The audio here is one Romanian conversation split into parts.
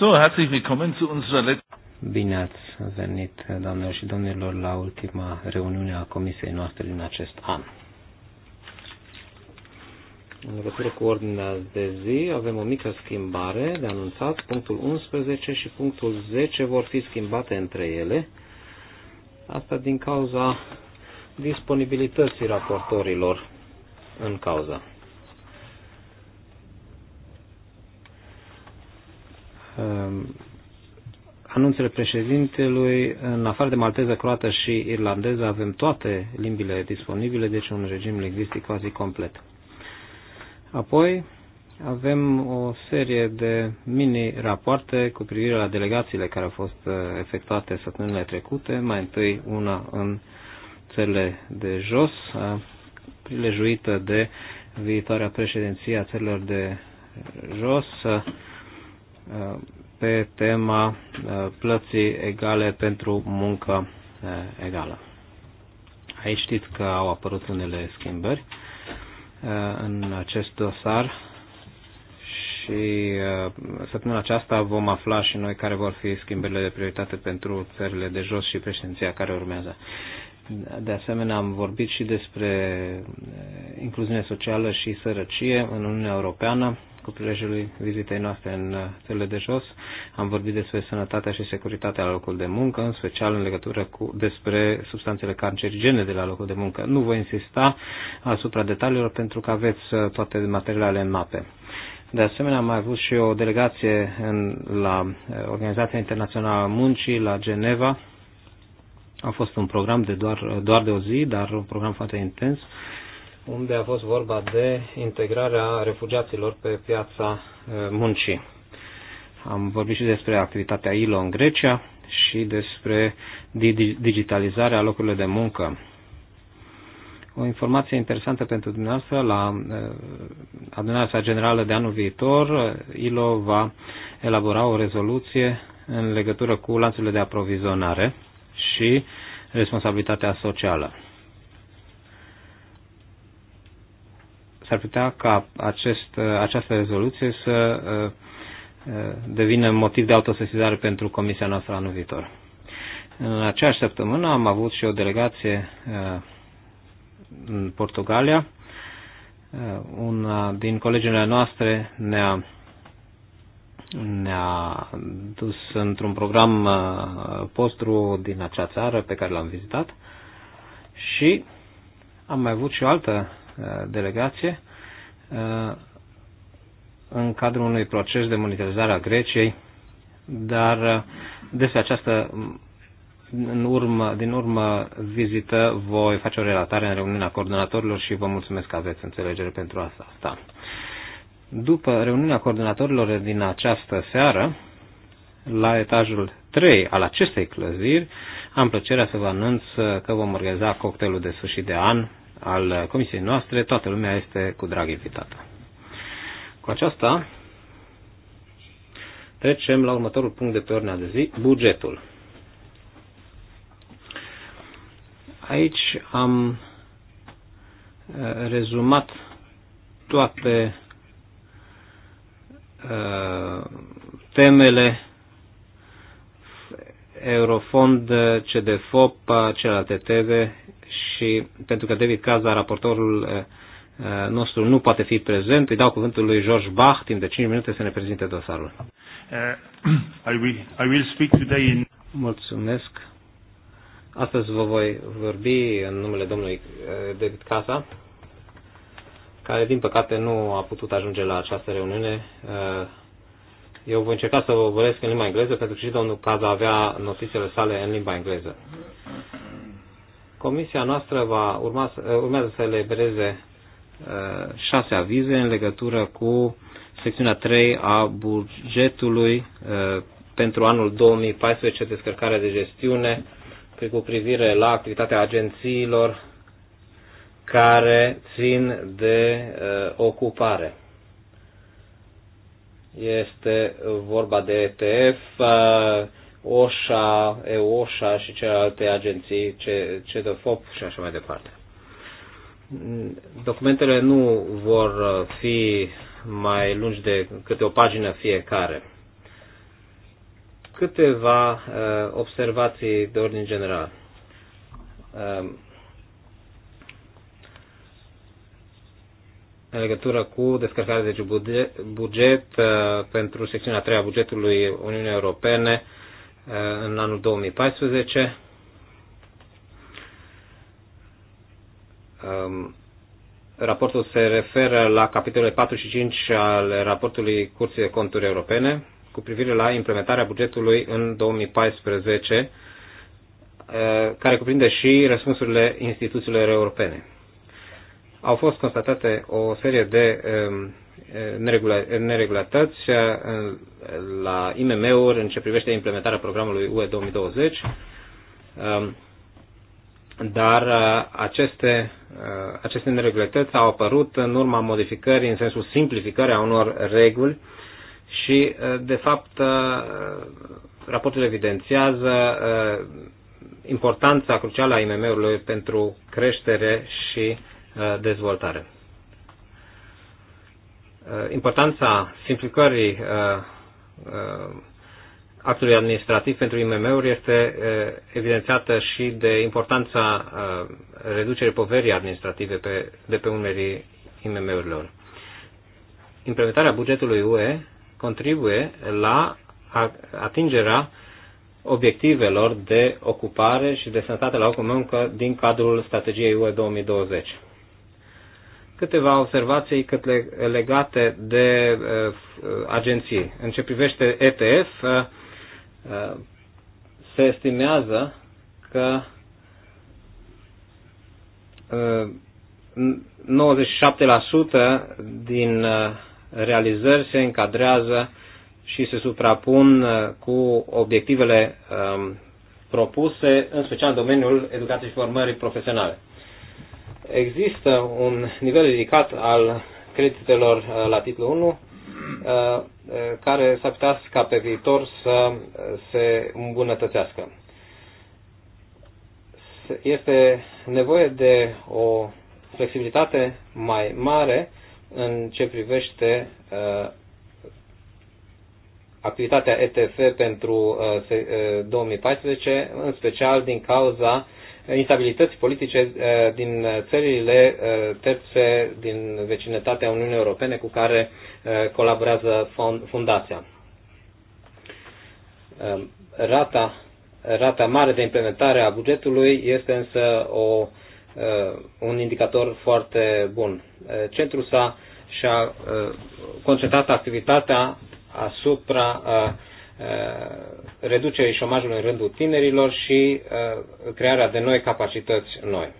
So, herzlich willkommen zu unserer letzten. Bine ați venit, doamnelor și domnilor, la ultima reuniune a comisiei noastre din acest an. În legătură cu ordinea de zi, avem o mică schimbare de anunțat. Punctul 11 și punctul 10 vor fi schimbate între ele. Asta din cauza disponibilității raportorilor în cauza. anunțurile președintelui, în afară de malteză, croată și irlandeză, avem toate limbile disponibile, deci un regim lingvistic quasi complet. Apoi avem o serie de mini-rapoarte cu privire la delegațiile care au fost uh, efectuate săptămânile trecute, mai întâi una în țările de jos, uh, prilejuită de viitoarea președinție a țărilor de jos, uh, pe tema uh, plății egale pentru muncă uh, egală. Aici știți că au apărut unele schimbări uh, în acest dosar și săptămâna aceasta vom afla și noi care vor fi schimbările de prioritate pentru țările de jos și președinția care urmează. De asemenea, am vorbit și despre eh, incluziune socială și sărăcie în Uniunea Europeană, cu prilejul vizitei noastre în eh, țările de jos. Am vorbit despre sănătatea și securitatea la locul de muncă, în special în legătură cu despre substanțele cancerigene de la locul de muncă. Nu voi insista asupra detaliilor pentru că aveți eh, toate materialele în mape. De asemenea, am mai avut și o delegație în, la Organizația Internațională a Muncii, la Geneva, a fost un program de doar, doar de o zi, dar un program foarte intens, unde a fost vorba de integrarea refugiaților pe piața muncii. Am vorbit și despre activitatea ILO în Grecia și despre digitalizarea locurilor de muncă. O informație interesantă pentru dumneavoastră, la adunarea generală de anul viitor, ILO va elabora o rezoluție în legătură cu lanțurile de aprovizionare și responsabilitatea socială. S-ar putea ca acest, această rezoluție să uh, uh, devină motiv de autosesizare pentru comisia noastră anul viitor. În aceeași săptămână am avut și o delegație uh, în Portugalia. Una din colegiile noastre ne-a ne-a dus într-un program uh, postru din acea țară pe care l-am vizitat și am mai avut și o altă uh, delegație uh, în cadrul unui proces de monitorizare a Greciei, dar despre această în urmă, din urmă vizită voi face o relatare în reuniunea coordonatorilor și vă mulțumesc că aveți înțelegere pentru asta. După reuniunea coordonatorilor din această seară, la etajul 3 al acestei clăziri, am plăcerea să vă anunț că vom organiza cocktailul de sfârșit de an al comisiei noastre. Toată lumea este cu drag invitată. Cu aceasta trecem la următorul punct de pe ordinea de zi, bugetul. Aici am eh, rezumat toate Uh, temele Eurofond, CDFOP, celelalte TV și pentru că David Caza, raportorul uh, uh, nostru, nu poate fi prezent, îi dau cuvântul lui George Bach timp de 5 minute să ne prezinte dosarul. Uh, I will, I will speak today in... Mulțumesc. Astăzi vă voi vorbi în numele domnului David Casa care din păcate nu a putut ajunge la această reuniune. Eh, eu voi încerca să vă vorbesc în limba engleză, pentru că și domnul Caza avea notițele sale în limba engleză. Comisia noastră va urma, eh, urmează să elibereze eh, șase avize în legătură cu secțiunea 3 a bugetului pentru anul 2014, descărcarea de gestiune, cu privire la activitatea agențiilor care țin de uh, ocupare. Este vorba de ETF, uh, OSHA, EOSHA și celelalte agenții, CEDOFOP și așa mai departe. Documentele nu vor fi mai lungi de câte o pagină fiecare. Câteva uh, observații de ordin general. în legătură cu descărcarea de buget, buget uh, pentru secțiunea 3 a bugetului Uniunii Europene uh, în anul 2014. Um, raportul se referă la capitolele 4 și 5 al raportului Curții de Conturi Europene cu privire la implementarea bugetului în 2014, uh, care cuprinde și răspunsurile instituțiilor europene au fost constatate o serie de um, neregularități uh, la IMM-uri în ce privește implementarea programului UE 2020, um, dar uh, aceste, uh, aceste neregulatăți au apărut în urma modificării, în sensul simplificării a unor reguli și, de fapt, raportul evidențiază importanța crucială a IMM-urilor pentru creștere și Uh, dezvoltare. Uh, importanța simplificării uh, actului administrativ pentru IMM-uri este evidențiată și de importanța reducerii poverii administrative pe, de pe umerii IMM-urilor. Implementarea bugetului UE contribuie la atingerea obiectivelor de ocupare și de sănătate la locul muncă din cadrul strategiei UE 2020 câteva observații câte legate de uh, agenții. În ce privește ETF, uh, eh, eh, se estimează că uh, 97% din uh, realizări se încadrează și se suprapun uh, cu obiectivele uh, propuse, în special în domeniul educației și formării profesionale există un nivel ridicat al creditelor uh, la titlul 1 uh, care s-ar putea ca pe viitor să uh, se îmbunătățească. Este nevoie de o flexibilitate mai mare în ce privește activitatea ETF pentru 2014, în special din cauza uh, instabilități politice eh, din țările eh, terțe din vecinătatea Uniunii Europene cu care eh, colaborează fundația. Ehm, rata, rata mare de implementare a bugetului este însă o, un indicator foarte bun. Centrul s-a și-a concentrat activitatea asupra uh, Uh, reducerii șomajului în rândul tinerilor și uh, crearea de noi capacități noi.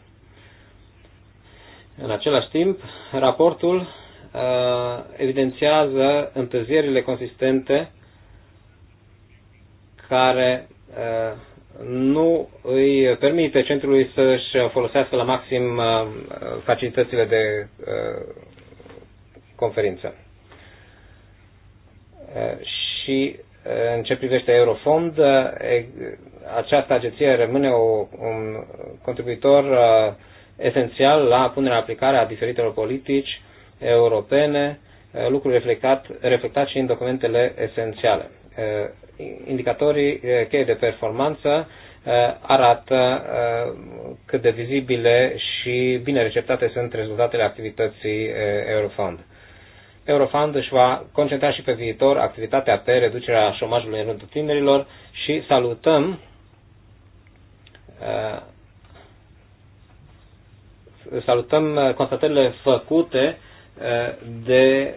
În același timp, raportul uh, evidențiază întârzierile consistente care nu îi permite centrului să-și folosească la maxim facilitățile de conferință. Și în ce privește Eurofond, această agenție rămâne o, un contribuitor esențial la punerea aplicare a diferitelor politici europene, lucru reflectat, reflectat și în documentele esențiale. Indicatorii cheie de performanță arată cât de vizibile și bine receptate sunt rezultatele activității Eurofond. Eurofund își va concentra și pe viitor activitatea pe reducerea șomajului în rândul tinerilor și salutăm uh, salutăm uh, constatările făcute uh, de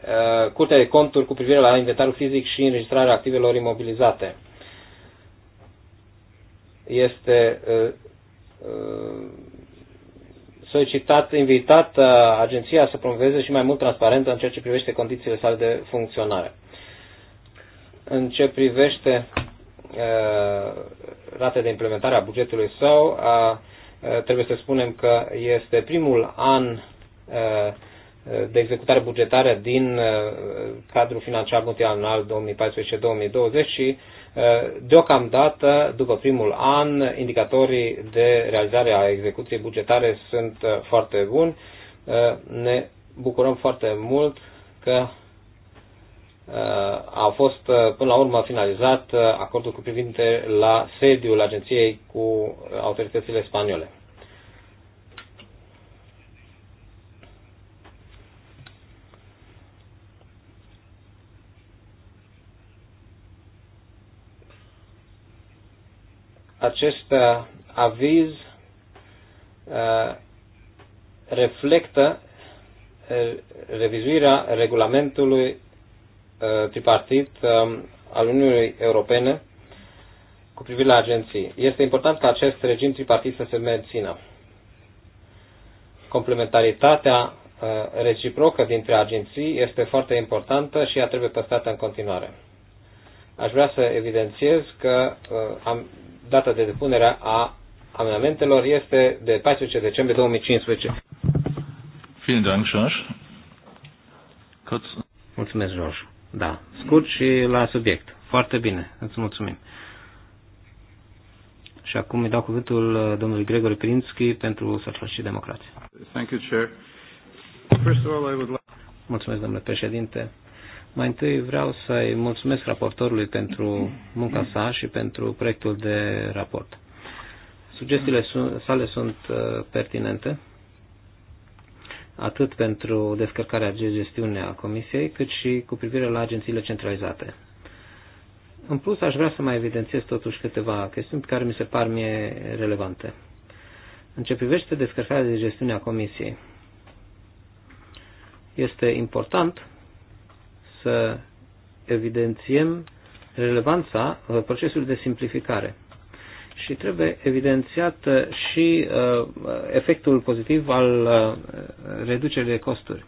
Curtea de Conturi cu privire la inventarul fizic și înregistrarea activelor imobilizate. Este solicitat, invitat uh, agenția să promoveze și mai mult transparentă în ceea ce privește condițiile sale de funcționare. În ce privește uh, rate de implementare a bugetului său, uh, trebuie să spunem că este primul an de executare bugetară din cadrul financiar multianual 2014-2020 și Deocamdată, după primul an, indicatorii de realizare a execuției bugetare sunt uh, foarte buni. Uh, ne bucurăm foarte mult că uh, a fost până la urmă finalizat acordul cu privinte la sediul agenției cu autoritățile spaniole. acest uh, aviz uh, reflectă uh, revizuirea regulamentului tripartit um, al Uniunii Europene cu privire la agenții. Este important ca acest regim tripartit să se mențină. Complementaritatea reciprocă dintre agenții este foarte importantă și ea trebuie păstrată în continuare. Aș vrea să evidențiez că am data de depunere a amendamentelor este de 14 decembrie 2015. Vielen Dank, George. Kurz. Mulțumesc, George. Da, scurt și la subiect. Foarte bine, îți mulțumim. Și acum îi dau cuvântul uh, domnului Gregor Prinski pentru Socialiști și Democrați. Thank you, Chair. First of all, I would like... Mulțumesc, domnule președinte. Mai întâi vreau să-i mulțumesc raportorului pentru munca sa și pentru proiectul de raport. Sugestiile sale sunt uh, pertinente atât pentru descărcarea de gestiune a Comisiei, cât și cu privire la agențiile centralizate. În plus, aș vrea să mai evidențiez totuși câteva chestiuni care mi se par mie relevante. În ce privește descărcarea de gestiune a Comisiei, este important să evidențiem relevanța uh, procesului de simplificare. Și trebuie evidențiat uh, și uh, efectul pozitiv al reducerii de costuri.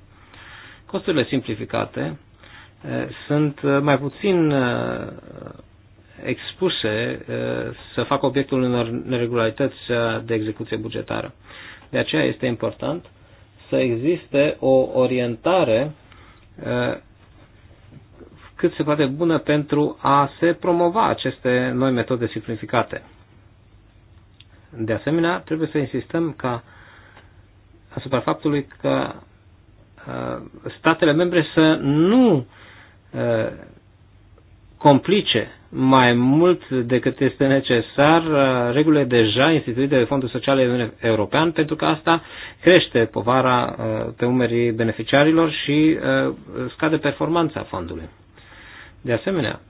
Costurile simplificate sunt mai puțin expuse să facă obiectul unor neregularități de execuție bugetară. De aceea este important să existe o orientare cât se poate bună pentru a se promova aceste noi metode simplificate. De asemenea, trebuie să insistăm ca asupra faptului că uh, statele membre să nu uh, complice mai mult decât este necesar uh, regulile deja instituite de Fondul Social European, pentru că asta crește povara pe umerii beneficiarilor și scade performanța fondului. De asemenea,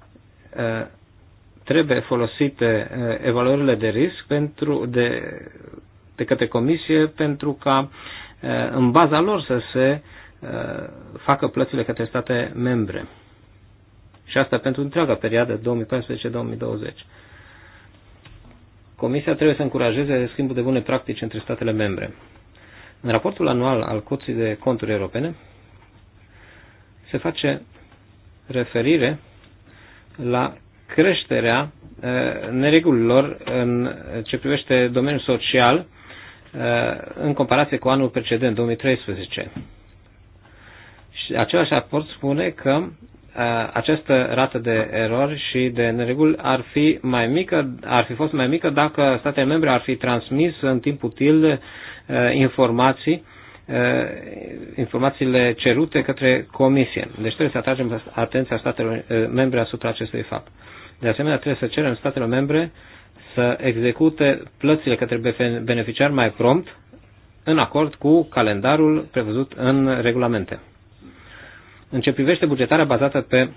trebuie folosite evaluările de risc pentru, de, de către comisie pentru ca în baza lor să se facă plățile către state membre. Și asta pentru întreaga perioadă 2014-2020. Comisia trebuie să încurajeze schimbul de bune practici între statele membre. În raportul anual al Curții de Conturi Europene se face referire la creșterea eh, neregulilor în ce privește domeniul social eh, în comparație cu anul precedent, 2013. Și același raport spune că eh, această rată de erori și de nereguli ar fi mai mică, ar fi fost mai mică dacă statele membre ar fi transmis în timp util informații Eh, informațiile cerute către Comisie. Deci trebuie să atragem atenția statelor eh, membre asupra acestui fapt. De asemenea, trebuie să cerem statelor membre să execute plățile către beneficiar mai prompt, în acord cu calendarul prevăzut în regulamente. În ce privește bugetarea bazată pe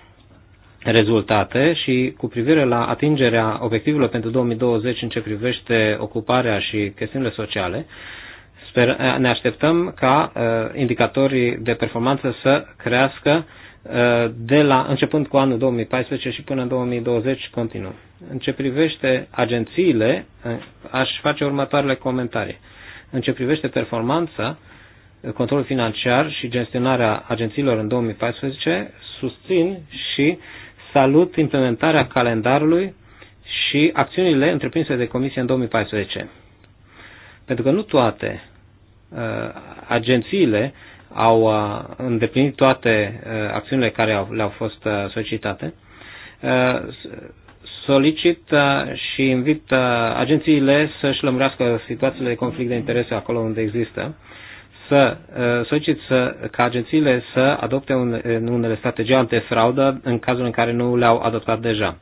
rezultate și cu privire la atingerea obiectivelor pentru 2020 în ce privește ocuparea și chestiunile sociale, sper, eh, ne așteptăm ca eh, indicatorii de performanță să crească eh, de la, începând cu anul 2014 și până în 2020 continuu. În ce privește agențiile, aș face următoarele comentarii. În ce privește performanța, controlul financiar și gestionarea agențiilor în 2014, susțin și salut implementarea calendarului și acțiunile întreprinse de comisie în 2014. Pentru că nu toate Uh, agențiile au uh, îndeplinit toate uh, acțiunile care le-au fost solicitate, solicit și invit agențiile să-și lămurească situațiile de conflict de interese acolo unde există, să solicit să, ca agențiile să adopte un, în unele strategii antifraudă în cazul în care nu le-au adoptat deja.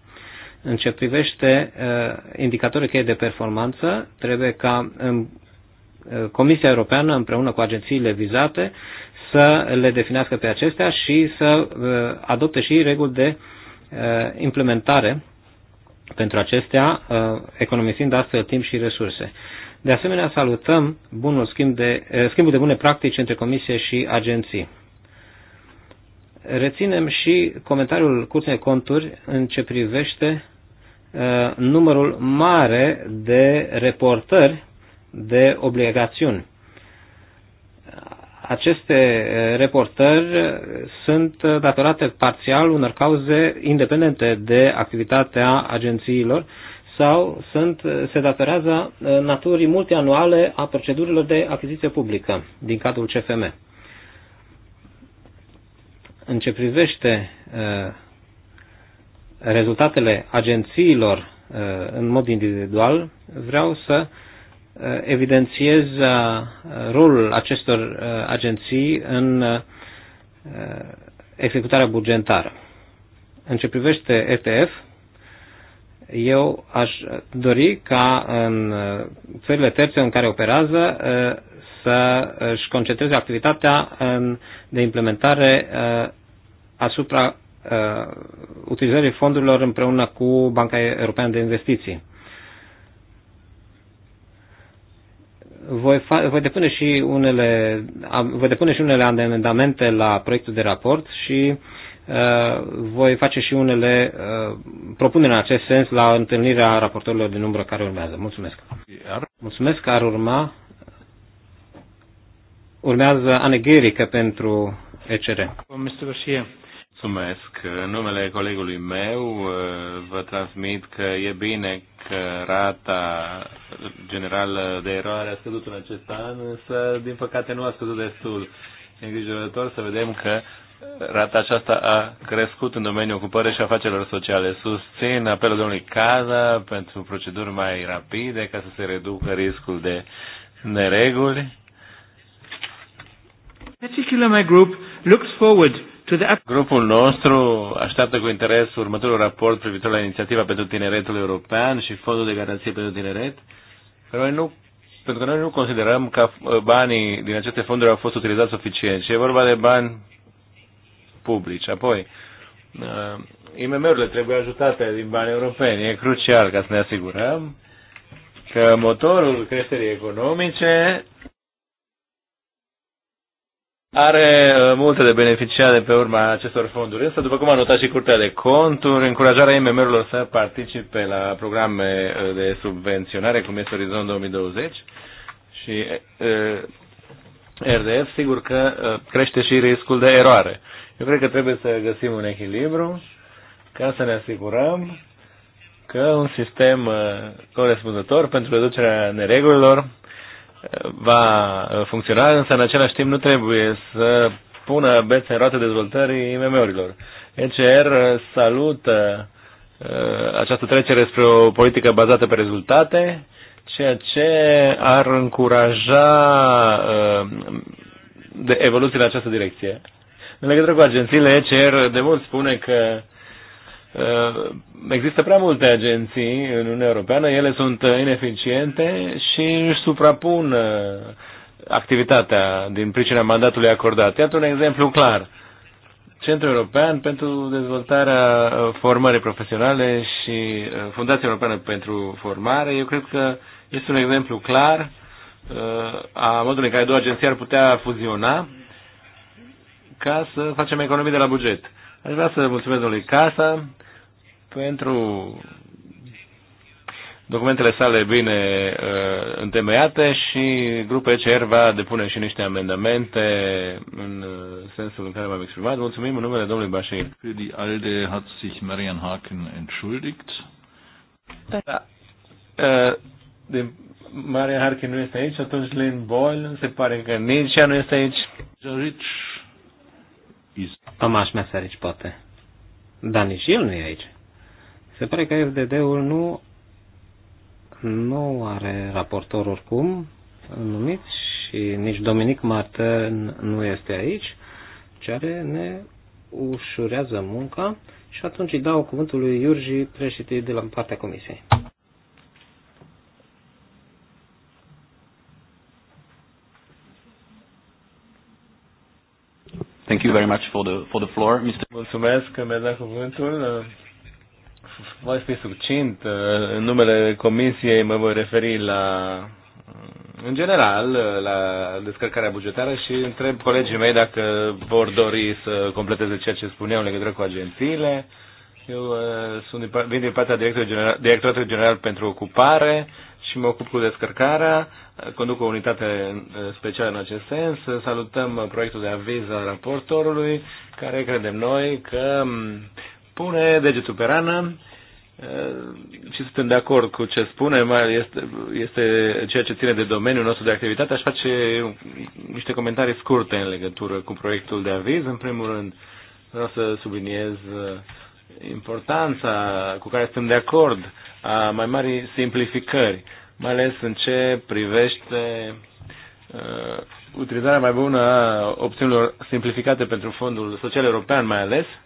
În ce privește uh, indicatorii cheie de performanță, trebuie ca în Comisia Europeană împreună cu agențiile vizate să le definească pe acestea și să uh, adopte și reguli de uh, implementare pentru acestea, uh, economisind astfel timp și resurse. De asemenea, salutăm bunul schimb de, schimbul de bune practici între comisie și agenții. Reținem și comentariul Curții de Conturi în ce privește numărul mare de reportări de obligațiuni. Aceste reportări sunt datorate parțial unor cauze independente de activitatea agențiilor sau sunt, se datorează naturii multianuale a procedurilor de achiziție publică din cadrul CFM. În ce privește uh, rezultatele agențiilor uh, în mod individual, vreau să Uh, evidențiez uh, rolul acestor uh, agenții în executarea bugetară. În ce privește ETF, eu aș dori ca în țările terțe în care operează să își concentreze activitatea de implementare asupra utilizării fondurilor împreună cu Banca Europeană de Investiții voi, voi, depune și unele, voi depune și unele amendamente la proiectul de raport și uh, voi face și unele uh, propuneri în acest sens la întâlnirea raportorilor de umbră care urmează. Mulțumesc. Iar? Mulțumesc că ar urma. Urmează Anegherică pentru ECR. Mulțumesc. În numele colegului meu uh, vă transmit că e bine că rata generală de eroare a scăzut în acest an, însă, din păcate, nu a scăzut destul. E îngrijorător să vedem că rata aceasta a crescut în domeniul ocupării și afacerilor sociale. Susțin apelul domnului Caza pentru proceduri mai rapide ca să se reducă riscul de nereguli. Particular my group looks forward Grupul nostru așteaptă cu interes următorul raport privitor la inițiativa pentru tineretul european și fondul de garanție pentru tineret. Pentru, noi nu, pentru că noi nu considerăm că uh, banii din aceste fonduri au fost utilizați suficient. Și e vorba de bani publici. Apoi, uh, IMM-urile trebuie ajutate din bani europeni. E crucial ca să ne asigurăm că motorul creșterii economice are uh, multe de beneficiat de pe urma acestor fonduri, însă, după cum a notat și Curtea de Conturi, încurajarea IMM-urilor să participe la programe uh, de subvenționare, cum este Orizont 2020 și uh, RDF, sigur că crește și riscul de eroare. Eu cred că trebuie să găsim un echilibru ca să ne asigurăm că un sistem corespunzător pentru reducerea neregulilor va uh, funcționa, însă în același timp nu trebuie să pună bețe în roate dezvoltării IMM-urilor. ECR er, uh, salută uh, această trecere spre o politică bazată pe rezultate, ceea ce ar încuraja evoluția în această direcție. În legătură cu agențiile, ECR er de mult spune că Uh, există prea multe agenții în Uniunea Europeană, ele sunt ineficiente și își suprapun uh, activitatea din pricina mandatului acordat. Iată un exemplu clar. Centrul European pentru dezvoltarea uh, formării profesionale și Fundația Europeană pentru Formare, eu cred că este un exemplu clar a modului în care două agenții ar putea fuziona ca să facem economii de la buget. Aș vrea să mulțumesc domnului Casa pentru documentele sale bine uh, întemeiate și grupul ECR va depune și niște amendamente în uh, sensul în care m-am exprimat. Mulțumim în numele domnului Bashir. Für die ALDE hat sich Marian Haken entschuldigt. Da. da. Uh, de Marian Harkin nu este aici, atunci Lynn Boyle se pare că nici ea nu este aici. Tomas is... Meserici poate. Dar nici el nu e aici. Se pare că FDD-ul nu, nu are raportor oricum numit și nici Dominic Martin nu este aici, care ne ușurează munca și atunci îi dau cuvântul lui Iurgi președinte de la partea comisiei. Thank you very much for the, for the floor, Mr. Mulțumesc că mi-a dat cuvântul voi fi succint. Uh, în numele Comisiei mă voi referi la, în general, la descărcarea bugetară și întreb colegii mei dacă vor dori să completeze ceea ce spuneau în legătură cu agențiile. Eu uh, sunt din, vin din partea Directorului General, Directoratului General pentru Ocupare și mă ocup cu descărcarea. Conduc o unitate uh, specială în acest sens. Salutăm proiectul de aviz al raportorului, care credem noi că mm, pune degetul pe rană eh, și suntem de acord cu ce spune, mai este, este ceea ce ține de domeniul nostru de activitate. Aș face niște comentarii scurte în legătură cu proiectul de aviz. În primul rând, vreau să subliniez eh, importanța cu care suntem de acord a mai mari simplificări, mai ales în ce privește uh, utilizarea mai bună a opțiunilor simplificate pentru Fondul Social European, mai ales, uh,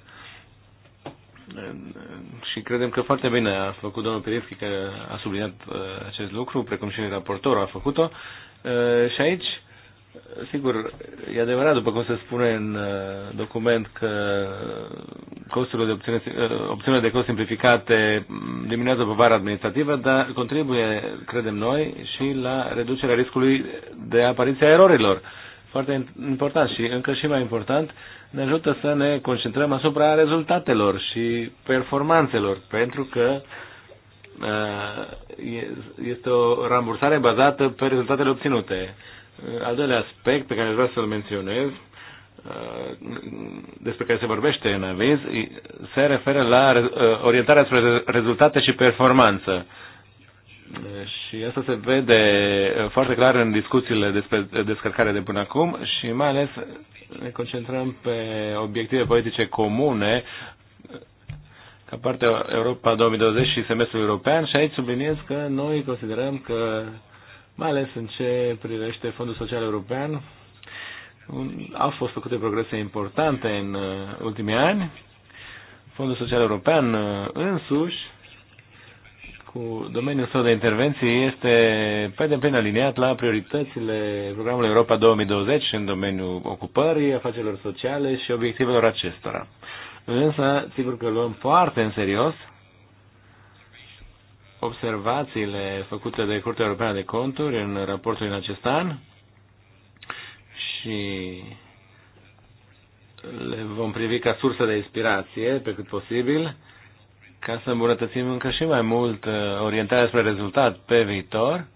și credem că foarte bine a făcut domnul Pirinski că a subliniat uh, acest lucru, precum și raportorul a făcut-o. Uh, și aici, sigur, e adevărat, după cum se spune în uh, document, că costurile de opțiune, opțiunea de cost simplificate diminuează povara administrativă, dar contribuie, credem noi, și la reducerea riscului de apariția erorilor. Foarte important și încă și mai important, uh, ne ajută să ne concentrăm asupra rezultatelor și performanțelor, pentru că uh, este o rambursare bazată pe rezultatele obținute. Uh, al doilea aspect pe care vreau să-l menționez, uh, despre care se vorbește în aviz, se referă la orientarea spre rezultate și performanță. Și asta se vede foarte clar în discuțiile despre descărcare de până acum și mai ales ne concentrăm pe obiective politice comune ca parte a Europa 2020 și semestrul european și aici subliniez că noi considerăm că, mai ales în ce privește Fondul Social European, au fost făcute progrese importante în uh, ultimii ani. Fondul Social European uh, însuși cu domeniul său de intervenție este pe deplin aliniat la prioritățile programului Europa 2020 în domeniul ocupării, afacerilor sociale și obiectivelor acestora. Însă, sigur că luăm foarte în serios observațiile făcute de Curtea Europeană de Conturi în raportul din acest an și le vom privi ca sursă de inspirație pe cât posibil ca să îmbunătățim încă și mai mult uh, orientarea spre rezultat pe viitor,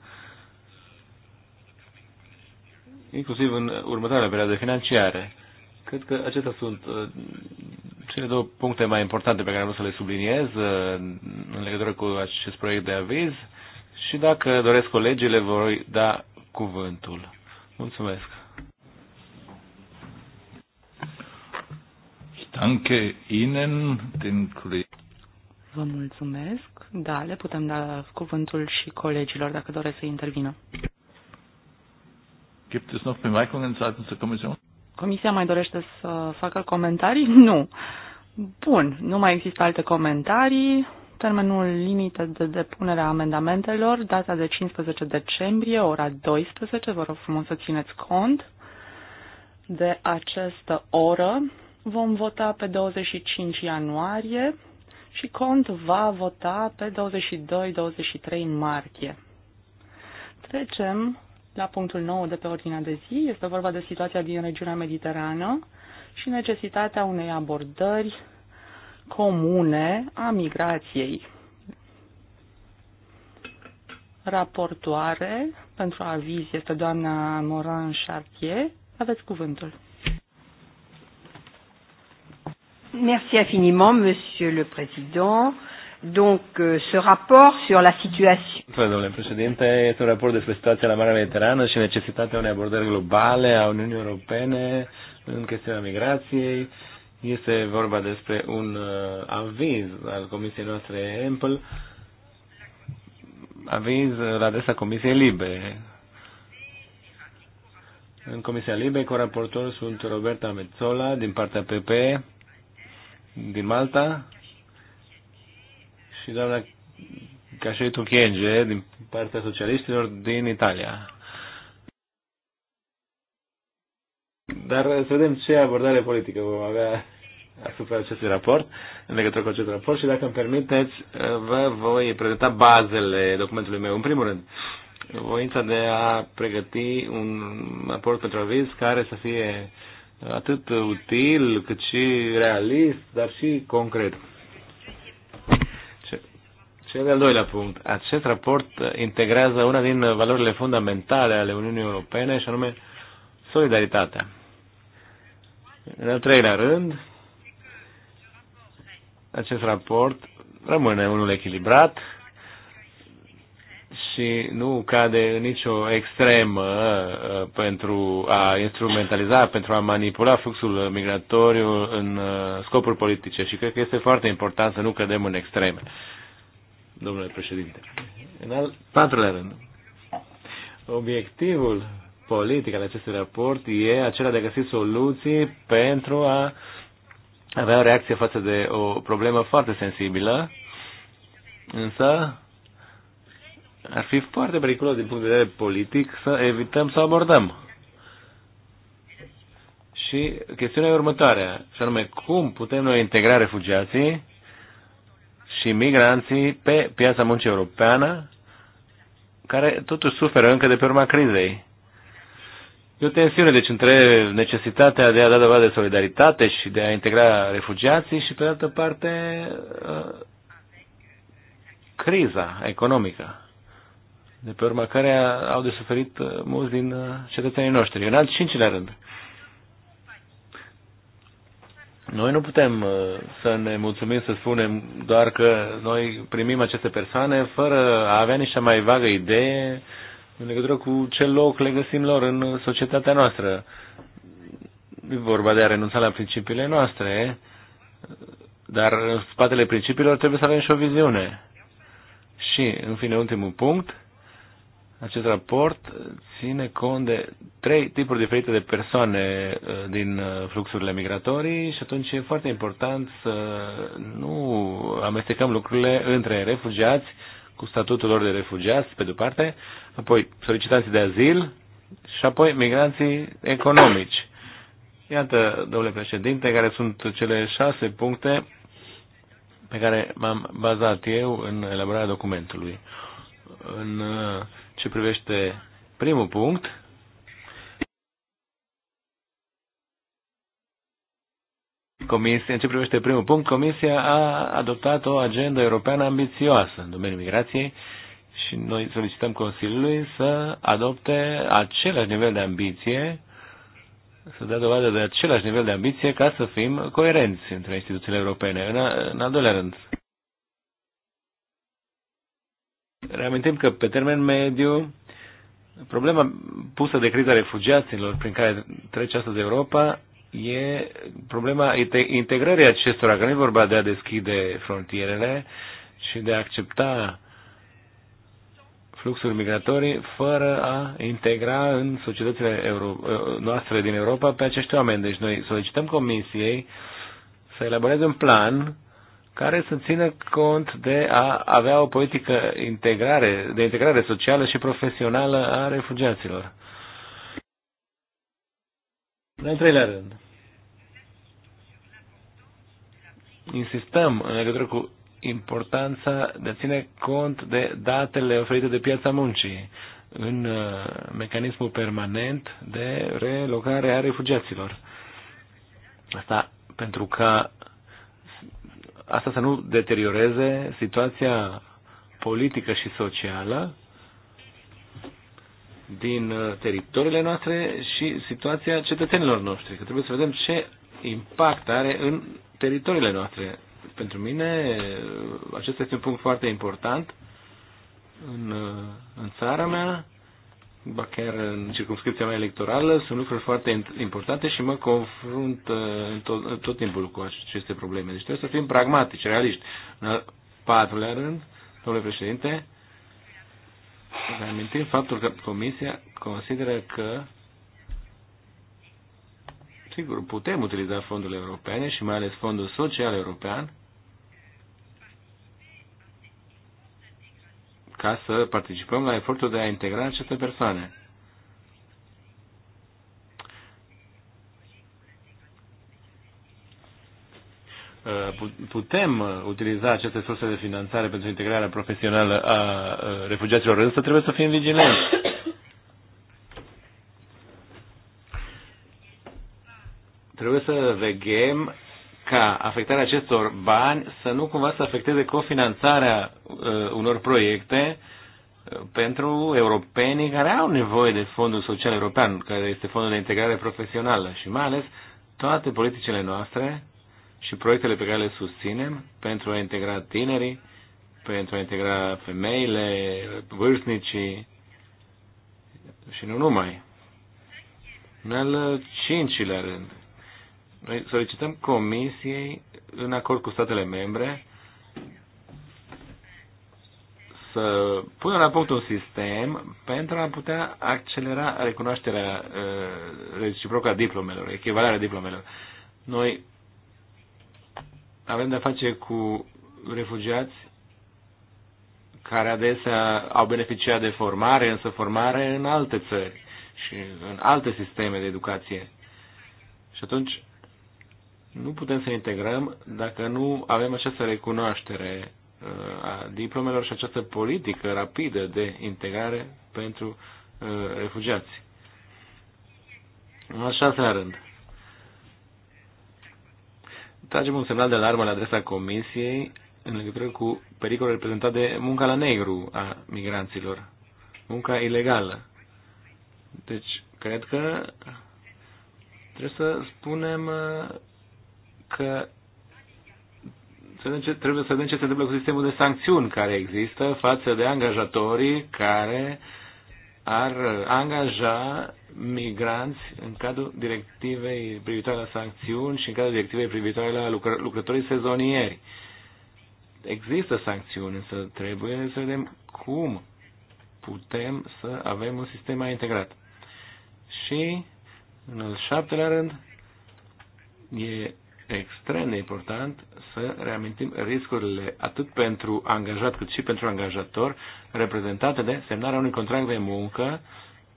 inclusiv în următoarea perioadă financiare. Cred că acestea sunt uh, cele două puncte mai importante pe care am vrut să le subliniez uh, în legătură cu acest proiect de aviz și dacă doresc colegii le voi da cuvântul. Mulțumesc! Danke Ihnen, den Kollegen. Vă mulțumesc. Da, le putem da cuvântul și colegilor dacă doresc să intervină. Gibt es noch Bemerkungen seitens der Kommission? Comisia mai dorește să facă comentarii? Nu. Bun, nu mai există alte comentarii. Termenul limită de depunere a amendamentelor, data de 15 decembrie, ora 12, vă rog frumos să țineți cont de această oră. Vom vota pe 25 ianuarie și cont va vota pe 22-23 martie. Trecem la punctul 9 de pe ordinea de zi. Este vorba de situația din regiunea mediterană și necesitatea unei abordări comune a migrației. Raportoare pentru aviz este doamna Moran Chartier. Aveți cuvântul. Merci infiniment, Monsieur le Président. Donc, euh, ce rapport sur la situation. Domnule președinte, este un raport despre situația la Marea Mediterană și necesitatea unei abordări globale a Uniunii Europene în chestiunea migrației. Este vorba despre un uh, aviz al Comisiei noastre EMPL, aviz la adresa Comisiei Libe. În Comisia Libe, raportor sunt Roberta Mezzola din partea PP, din Malta și doamna Cașetu Chienge din partea socialiștilor din Italia. Dar să vedem ce abordare politică vom avea asupra acestui raport, în legătură cu acest raport și dacă îmi permiteți, vă voi prezenta bazele documentului meu. În primul rând, voința de a pregăti un raport pentru aviz care să fie uh, atât util cât și realist, dar și concret. Cel de-al doilea punct. Acest raport integrează una din valorile fundamentale ale Uniunii Europene și anume solidaritatea. În al treilea rând, acest raport rămâne unul echilibrat, și nu cade în nicio extremă uh, pentru a instrumentaliza, pentru a manipula fluxul migratoriu în uh, scopuri politice și cred că este foarte important să nu cădem în extreme. Domnule președinte. În al patrulea rând, obiectivul politic al acestui raport e acela de a găsi soluții pentru a avea o reacție față de o problemă foarte sensibilă, însă ar fi foarte periculos din punct de vedere politic să evităm să abordăm. Și chestiunea e următoarea, și anume cum putem noi integra refugiații și migranții pe piața muncii europeană, care totuși suferă încă de pe urma crizei. E o tensiune, deci, între necesitatea de a da dovadă de solidaritate și de a integra refugiații și, pe de altă parte, uh, criza economică de pe urma care au de suferit uh, mulți din uh, cetățenii noștri. În alt cincilea rând, noi nu putem uh, să ne mulțumim să spunem doar că noi primim aceste persoane fără a avea nici mai vagă idee în legătură cu ce loc le găsim lor în societatea noastră. E vorba de a renunța la principiile noastre, dar în spatele principiilor trebuie să avem și o viziune. Și, în fine, ultimul punct, acest raport ține cont de trei tipuri diferite de persoane uh, din uh, fluxurile migratorii și atunci e foarte important să nu amestecăm lucrurile între refugiați cu statutul lor de refugiați, pe de-o parte, apoi solicitanții de azil și apoi migranții economici. Iată, domnule președinte, care sunt cele șase puncte pe care m-am bazat eu în elaborarea documentului. În uh, ce privește primul punct, Comisia, în ce privește primul punct, Comisia a adoptat o agendă europeană ambițioasă în domeniul migrației și noi solicităm Consiliului să adopte același nivel de ambiție, să dea dovadă de același nivel de ambiție ca să fim coerenți între instituțiile europene. În, a, în al doilea rând, Reamintim că pe termen mediu problema pusă de criza refugiaților prin care trece astăzi Europa e problema integrării acestora, că nu e vorba de a deschide frontierele și de a accepta fluxuri migratorii fără a integra în societățile euro, noastre din Europa pe acești oameni. Deci noi solicităm Comisiei să elaboreze un plan care să țină cont de a avea o politică integrare, de integrare socială și profesională a refugiaților. În treilea rând, insistăm în legătură cu importanța de a ține cont de datele oferite de piața muncii în uh, mecanismul permanent de relocare a refugiaților. Asta pentru ca asta să nu deterioreze situația politică și socială din uh, teritoriile noastre și situația cetățenilor noștri. Că trebuie să vedem ce impact are în teritoriile noastre. Pentru mine uh, acesta este un punct foarte important în, uh, în țara mea ba chiar în circumscripția mea electorală, sunt lucruri foarte importante și mă confrunt uh, tot, tot timpul cu aceste probleme. Deci trebuie să fim pragmatici, realiști. În al patrulea rând, domnule președinte, reamintim faptul că Comisia consideră că sigur, putem utiliza fondurile europene și mai ales fondul social european ca să participăm la efortul de a integra aceste persoane. Uh, putem uh, utiliza aceste surse de finanțare pentru integrarea profesională a uh, refugiaților, însă trebuie să fim vigilenți. Trebuie să veghem ca afectarea acestor bani să nu cumva să afecteze cofinanțarea uh, unor proiecte uh, pentru europenii care au nevoie de Fondul Social European, care este fondul de integrare profesională și mai ales toate politicile noastre și proiectele pe care le susținem pentru a integra tinerii, pentru a integra femeile, vârstnicii și nu numai. În al cincilea rând, noi solicităm Comisiei, în acord cu statele membre, să pună la punct un sistem pentru a putea accelera recunoașterea uh, reciprocă a diplomelor, echivalarea diplomelor. Noi avem de-a face cu refugiați care adesea au beneficiat de formare, însă formare în alte țări și în alte sisteme de educație. Și atunci nu putem să integrăm dacă nu avem această recunoaștere uh, a diplomelor și această politică rapidă de integrare pentru uh, refugiați. Așa se rând, tragem un semnal de alarmă la adresa Comisiei în legătură cu pericolul reprezentat de munca la negru a migranților, munca ilegală. Deci, cred că trebuie să spunem uh, că trebuie să vedem ce se întâmplă cu sistemul de sancțiuni care există față de angajatorii care ar angaja migranți în cadrul directivei privitoare la sancțiuni și în cadrul directivei privitoare la lucr- lucrătorii sezonieri. Există sancțiuni, însă trebuie să vedem cum putem să avem un sistem mai integrat. Și, în al șaptelea rând, e extrem de important să reamintim riscurile atât pentru angajat cât și pentru angajator reprezentate de semnarea unui contract de muncă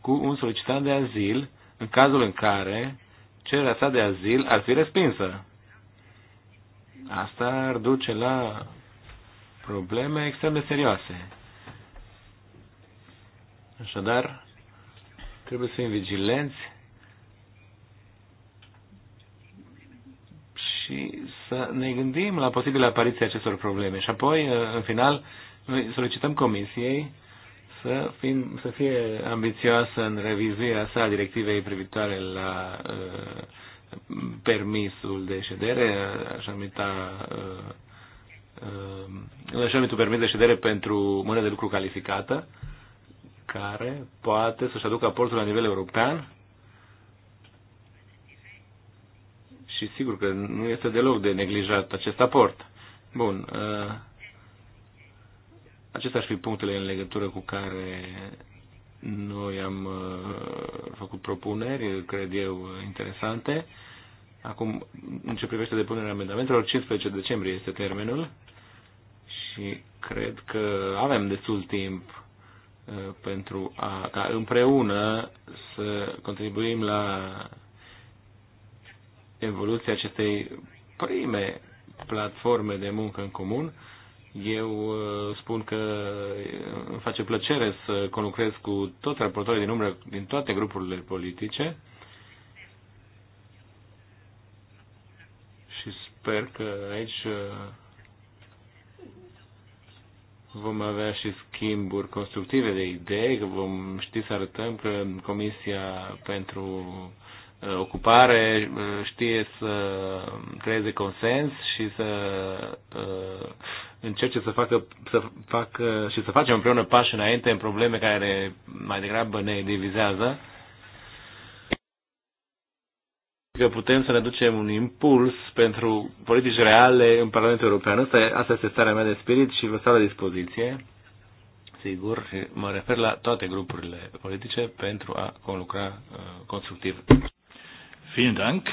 cu un solicitant de azil în cazul în care cererea sa de azil ar fi respinsă. Asta ar duce la probleme extrem de serioase. Așadar, trebuie să fim vigilenți și să ne gândim la posibilă apariție acestor probleme. Și apoi, uh, în final, noi solicităm Comisiei să, fim, să fie ambițioasă în revizuirea sa a directivei privitoare la uh, permisul de ședere, așa numită uh, uh, așa numitul permis de ședere pentru mână de lucru calificată, care poate să-și aducă aportul la nivel european și sigur că nu este deloc de neglijat acest aport. Bun. Uh, acestea ar fi punctele în legătură cu care noi am uh, făcut propuneri, cred eu, interesante. Acum, în ce privește depunerea amendamentelor, 15 decembrie este termenul și cred că avem destul timp uh, pentru a, ca împreună să contribuim la evoluția acestei prime platforme de muncă în comun. Eu uh, spun că uh, îmi face plăcere să conlucrez cu toți raportorii din umbră din toate grupurile politice și sper că aici uh, vom avea și schimburi constructive de idei, că vom ști să arătăm că Comisia pentru Uh, ocupare uh, știe să creeze consens și să uh, încerce să facă, să facă și să facem împreună pași înainte în probleme care mai degrabă ne divizează. Că putem să ne ducem un impuls pentru politici reale în Parlamentul European. Asta, asta este starea mea de spirit și vă stau la dispoziție. Sigur, mă refer la toate grupurile politice pentru a conlucra constructiv. Vielen Dank.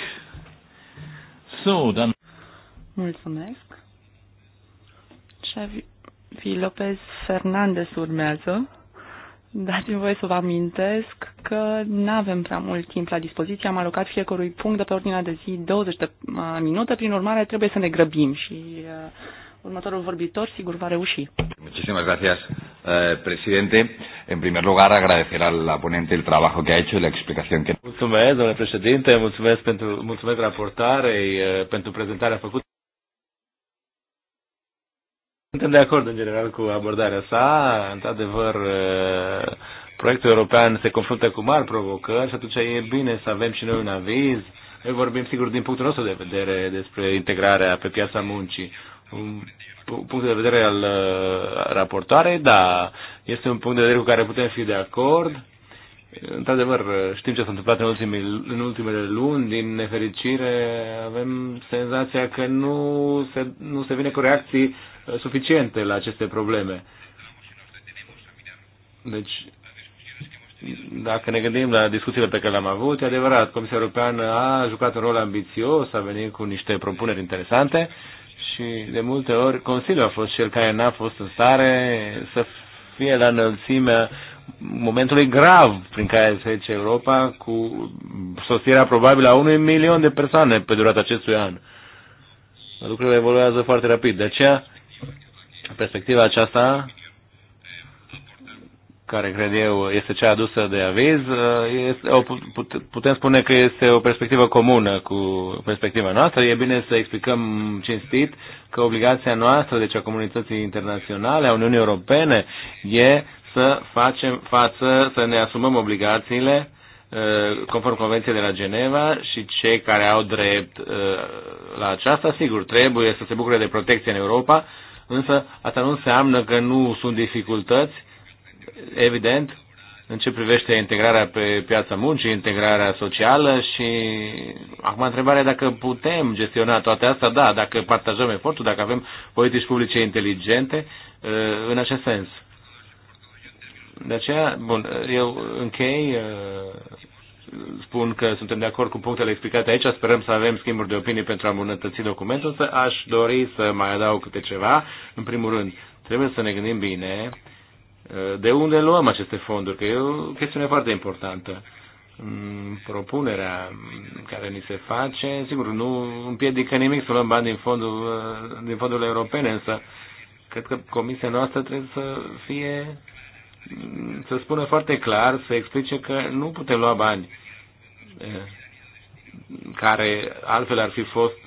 So, dann. Mulțumesc. Xavi Lopez Fernandez urmează. Dați-mi voie să vă amintesc că nu avem prea mult timp la dispoziție. Am alocat fiecărui punct de pe ordinea de zi 20 de minute, prin urmare trebuie să ne grăbim și Următorul vorbitor sigur va reuși. Muchísimas gracias, eh, presidente. En primer lugar, agradecer a ponente el trabajo que ha hecho y la explicación que... Mulțumesc, domnule președinte, mulțumesc pentru mulțumesc raportarei, eh, pentru prezentarea făcută. Suntem de acord, în general, cu abordarea sa. Într-adevăr, eh, proiectul european se confruntă cu mari provocări și atunci e bine să avem și noi un aviz. Noi vorbim, sigur, din punctul nostru de vedere despre integrarea pe piața muncii punct de vedere al uh, raportoarei, da, este un punct de vedere cu care putem fi de acord. Într-adevăr, știm ce s-a întâmplat în, ultimii, în ultimele luni. Din nefericire, avem senzația că nu se, nu se vine cu reacții uh, suficiente la aceste probleme. Deci, dacă ne gândim la discuțiile pe care le-am avut, e adevărat, Comisia Europeană a jucat un rol ambițios, a venit cu niște propuneri interesante. Uh, și de multe ori Consiliul a fost cel care n-a fost în stare să fie la înălțimea momentului grav prin care trece Europa cu sosirea probabilă a unui milion de persoane pe durata acestui an. Lucrurile evoluează foarte rapid. De aceea, perspectiva aceasta care cred eu este cea adusă de aviz, uh, putem spune că este o perspectivă comună cu perspectiva noastră. E bine să explicăm cinstit că obligația noastră, deci a comunității internaționale, a Uniunii Europene, e să facem față, să ne asumăm obligațiile uh, conform Convenției de la Geneva și cei care au drept uh, la aceasta, sigur, trebuie să se bucure de protecție în Europa, însă asta nu înseamnă că nu sunt dificultăți evident, în ce privește integrarea pe piața muncii, integrarea socială și acum întrebarea dacă putem gestiona toate astea, da, dacă partajăm efortul, dacă avem politici publice inteligente uh, în acest sens. De aceea, bun, eu închei, uh, spun că suntem de acord cu punctele explicate aici, sperăm să avem schimburi de opinii pentru a îmbunătăți documentul, să aș dori să mai adaug câte ceva. În primul rând, trebuie să ne gândim bine de unde luăm aceste fonduri, că e o chestiune foarte importantă. Propunerea care ni se face, sigur, nu împiedică nimic să luăm bani din, fondul, din fondurile europene, însă cred că comisia noastră trebuie să fie, să spună foarte clar, să explice că nu putem lua bani care altfel ar fi fost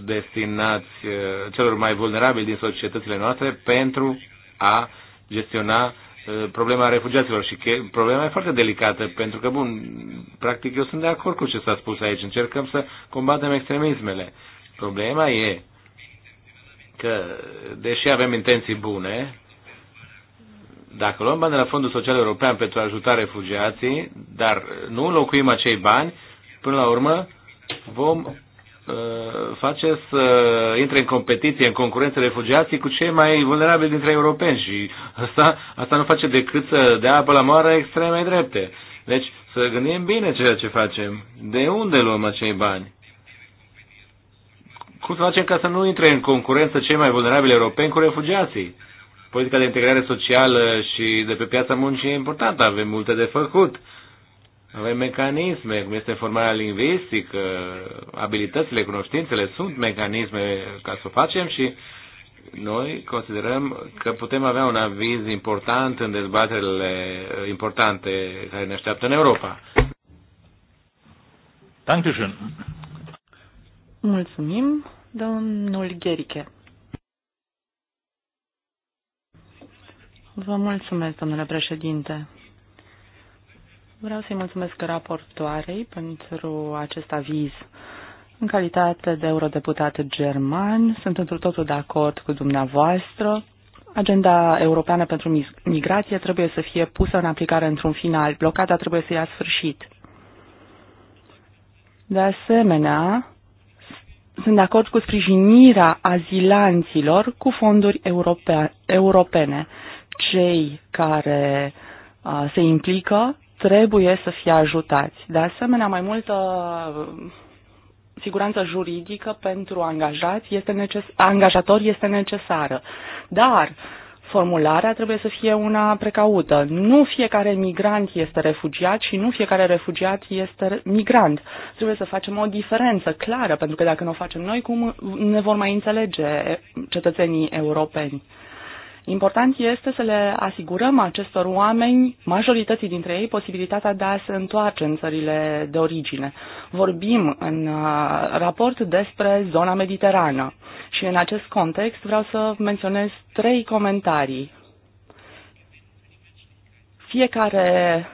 destinați celor mai vulnerabili din societățile noastre pentru a gestiona uh, problema refugiaților și că problema e foarte delicată, pentru că, bun, practic eu sunt de acord cu ce s-a spus aici, încercăm să combatem extremismele. Problema e că, deși avem intenții bune, dacă luăm bani de la Fondul Social European pentru a ajuta refugiații, dar nu înlocuim acei bani, până la urmă vom Uh, face să intre în competiție, în concurență refugiații cu cei mai vulnerabili dintre europeni și asta, asta nu face decât să dea apă la moară extreme drepte. Deci să gândim bine ceea ce facem. De unde luăm acei bani? Cum să facem ca să nu intre în concurență cei mai vulnerabili europeni cu refugiații? Politica de integrare socială și de pe piața muncii e importantă, avem multe de făcut avem mecanisme, cum este formarea lingvistică, abilitățile, cunoștințele, sunt mecanisme ca să o facem și noi considerăm că putem avea un aviz important în dezbaterile importante care ne așteaptă în Europa. Dankeschön. Mulțumim, domnul Gheriche. Vă mulțumesc, domnule președinte. Vreau să-i mulțumesc raportoarei pentru acest aviz. În calitate de eurodeputat german, sunt într totul de acord cu dumneavoastră. Agenda europeană pentru migrație trebuie să fie pusă în aplicare într-un final. Blocada trebuie să ia sfârșit. De asemenea, sunt de acord cu sprijinirea azilanților cu fonduri europene. Cei care se implică trebuie să fie ajutați. De asemenea, mai multă uh, siguranță juridică pentru angajați este neces- angajatori este necesară. Dar formularea trebuie să fie una precaută. Nu fiecare migrant este refugiat și nu fiecare refugiat este migrant. Trebuie să facem o diferență clară, pentru că dacă nu o facem noi, cum ne vor mai înțelege cetățenii europeni? Important este să le asigurăm acestor oameni, majorității dintre ei, posibilitatea de a se întoarce în țările de origine. Vorbim în uh, raport despre zona mediterană și în acest context vreau să menționez trei comentarii. Fiecare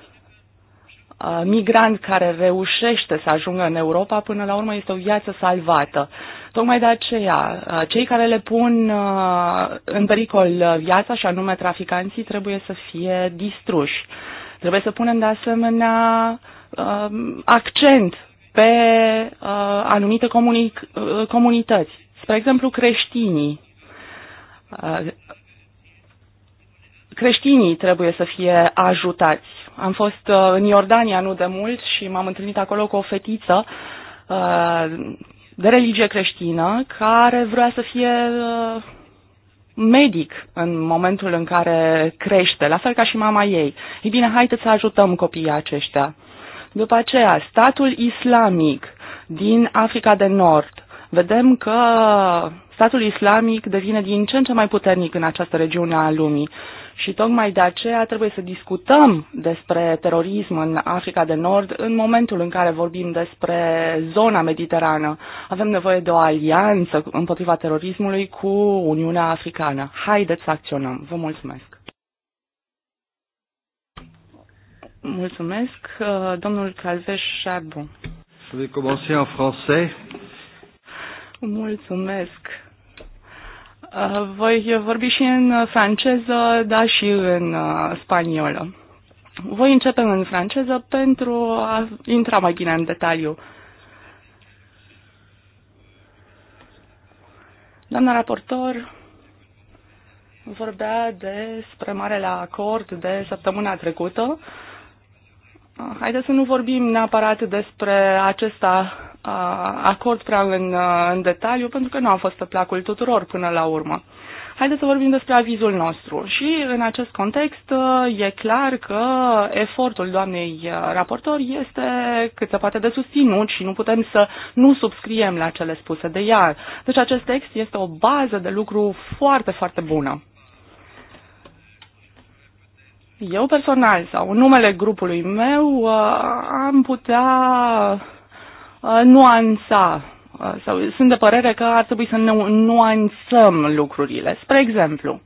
uh, migrant care reușește să ajungă în Europa, până la urmă este o viață salvată. Tocmai de aceea, uh, cei care le pun uh, în pericol uh, viața, și anume traficanții, trebuie să fie distruși. Trebuie să punem de asemenea um, accent pe anumite comunic- comunități. Spre exemplu, creștinii. Creștinii trebuie să fie ajutați. Am fost în Iordania nu de mult și m-am întâlnit acolo cu o fetiță de religie creștină care vrea să fie uh, medic în momentul în care crește, la fel ca și mama ei. Ei bine, haideți să ajutăm copiii aceștia. După aceea, statul islamic din Africa de Nord. Vedem că statul islamic devine din ce în ce mai puternic în această regiune a lumii. Și tocmai de aceea trebuie să discutăm despre terorism în Africa de Nord în momentul în care vorbim despre zona mediterană. Avem nevoie de o alianță împotriva terorismului cu Uniunea Africană. Haideți să acționăm. Vă mulțumesc. Mulțumesc, uh, domnul Calveș Charbon. Je vais commencer en Mulțumesc. Eh, voi vorbi și în eh, franceză, dar și în eh, spaniolă. Voi începe în franceză pentru a intra mai bine în detaliu. Doamna raportor vorbea despre marele acord de săptămâna trecută. Haideți să nu vorbim neapărat despre acesta acord prea în, în detaliu, pentru că nu a fost pe placul tuturor până la urmă. Haideți să vorbim despre avizul nostru. Și în acest context e clar că efortul doamnei raportor este cât se poate de susținut și nu putem să nu subscriem la cele spuse de ea. Deci acest text este o bază de lucru foarte, foarte bună. Eu personal sau în numele grupului meu am putea Uh, nuanța uh, sau sunt de părere că ar trebui să nu nuanțăm lucrurile. Spre exemplu,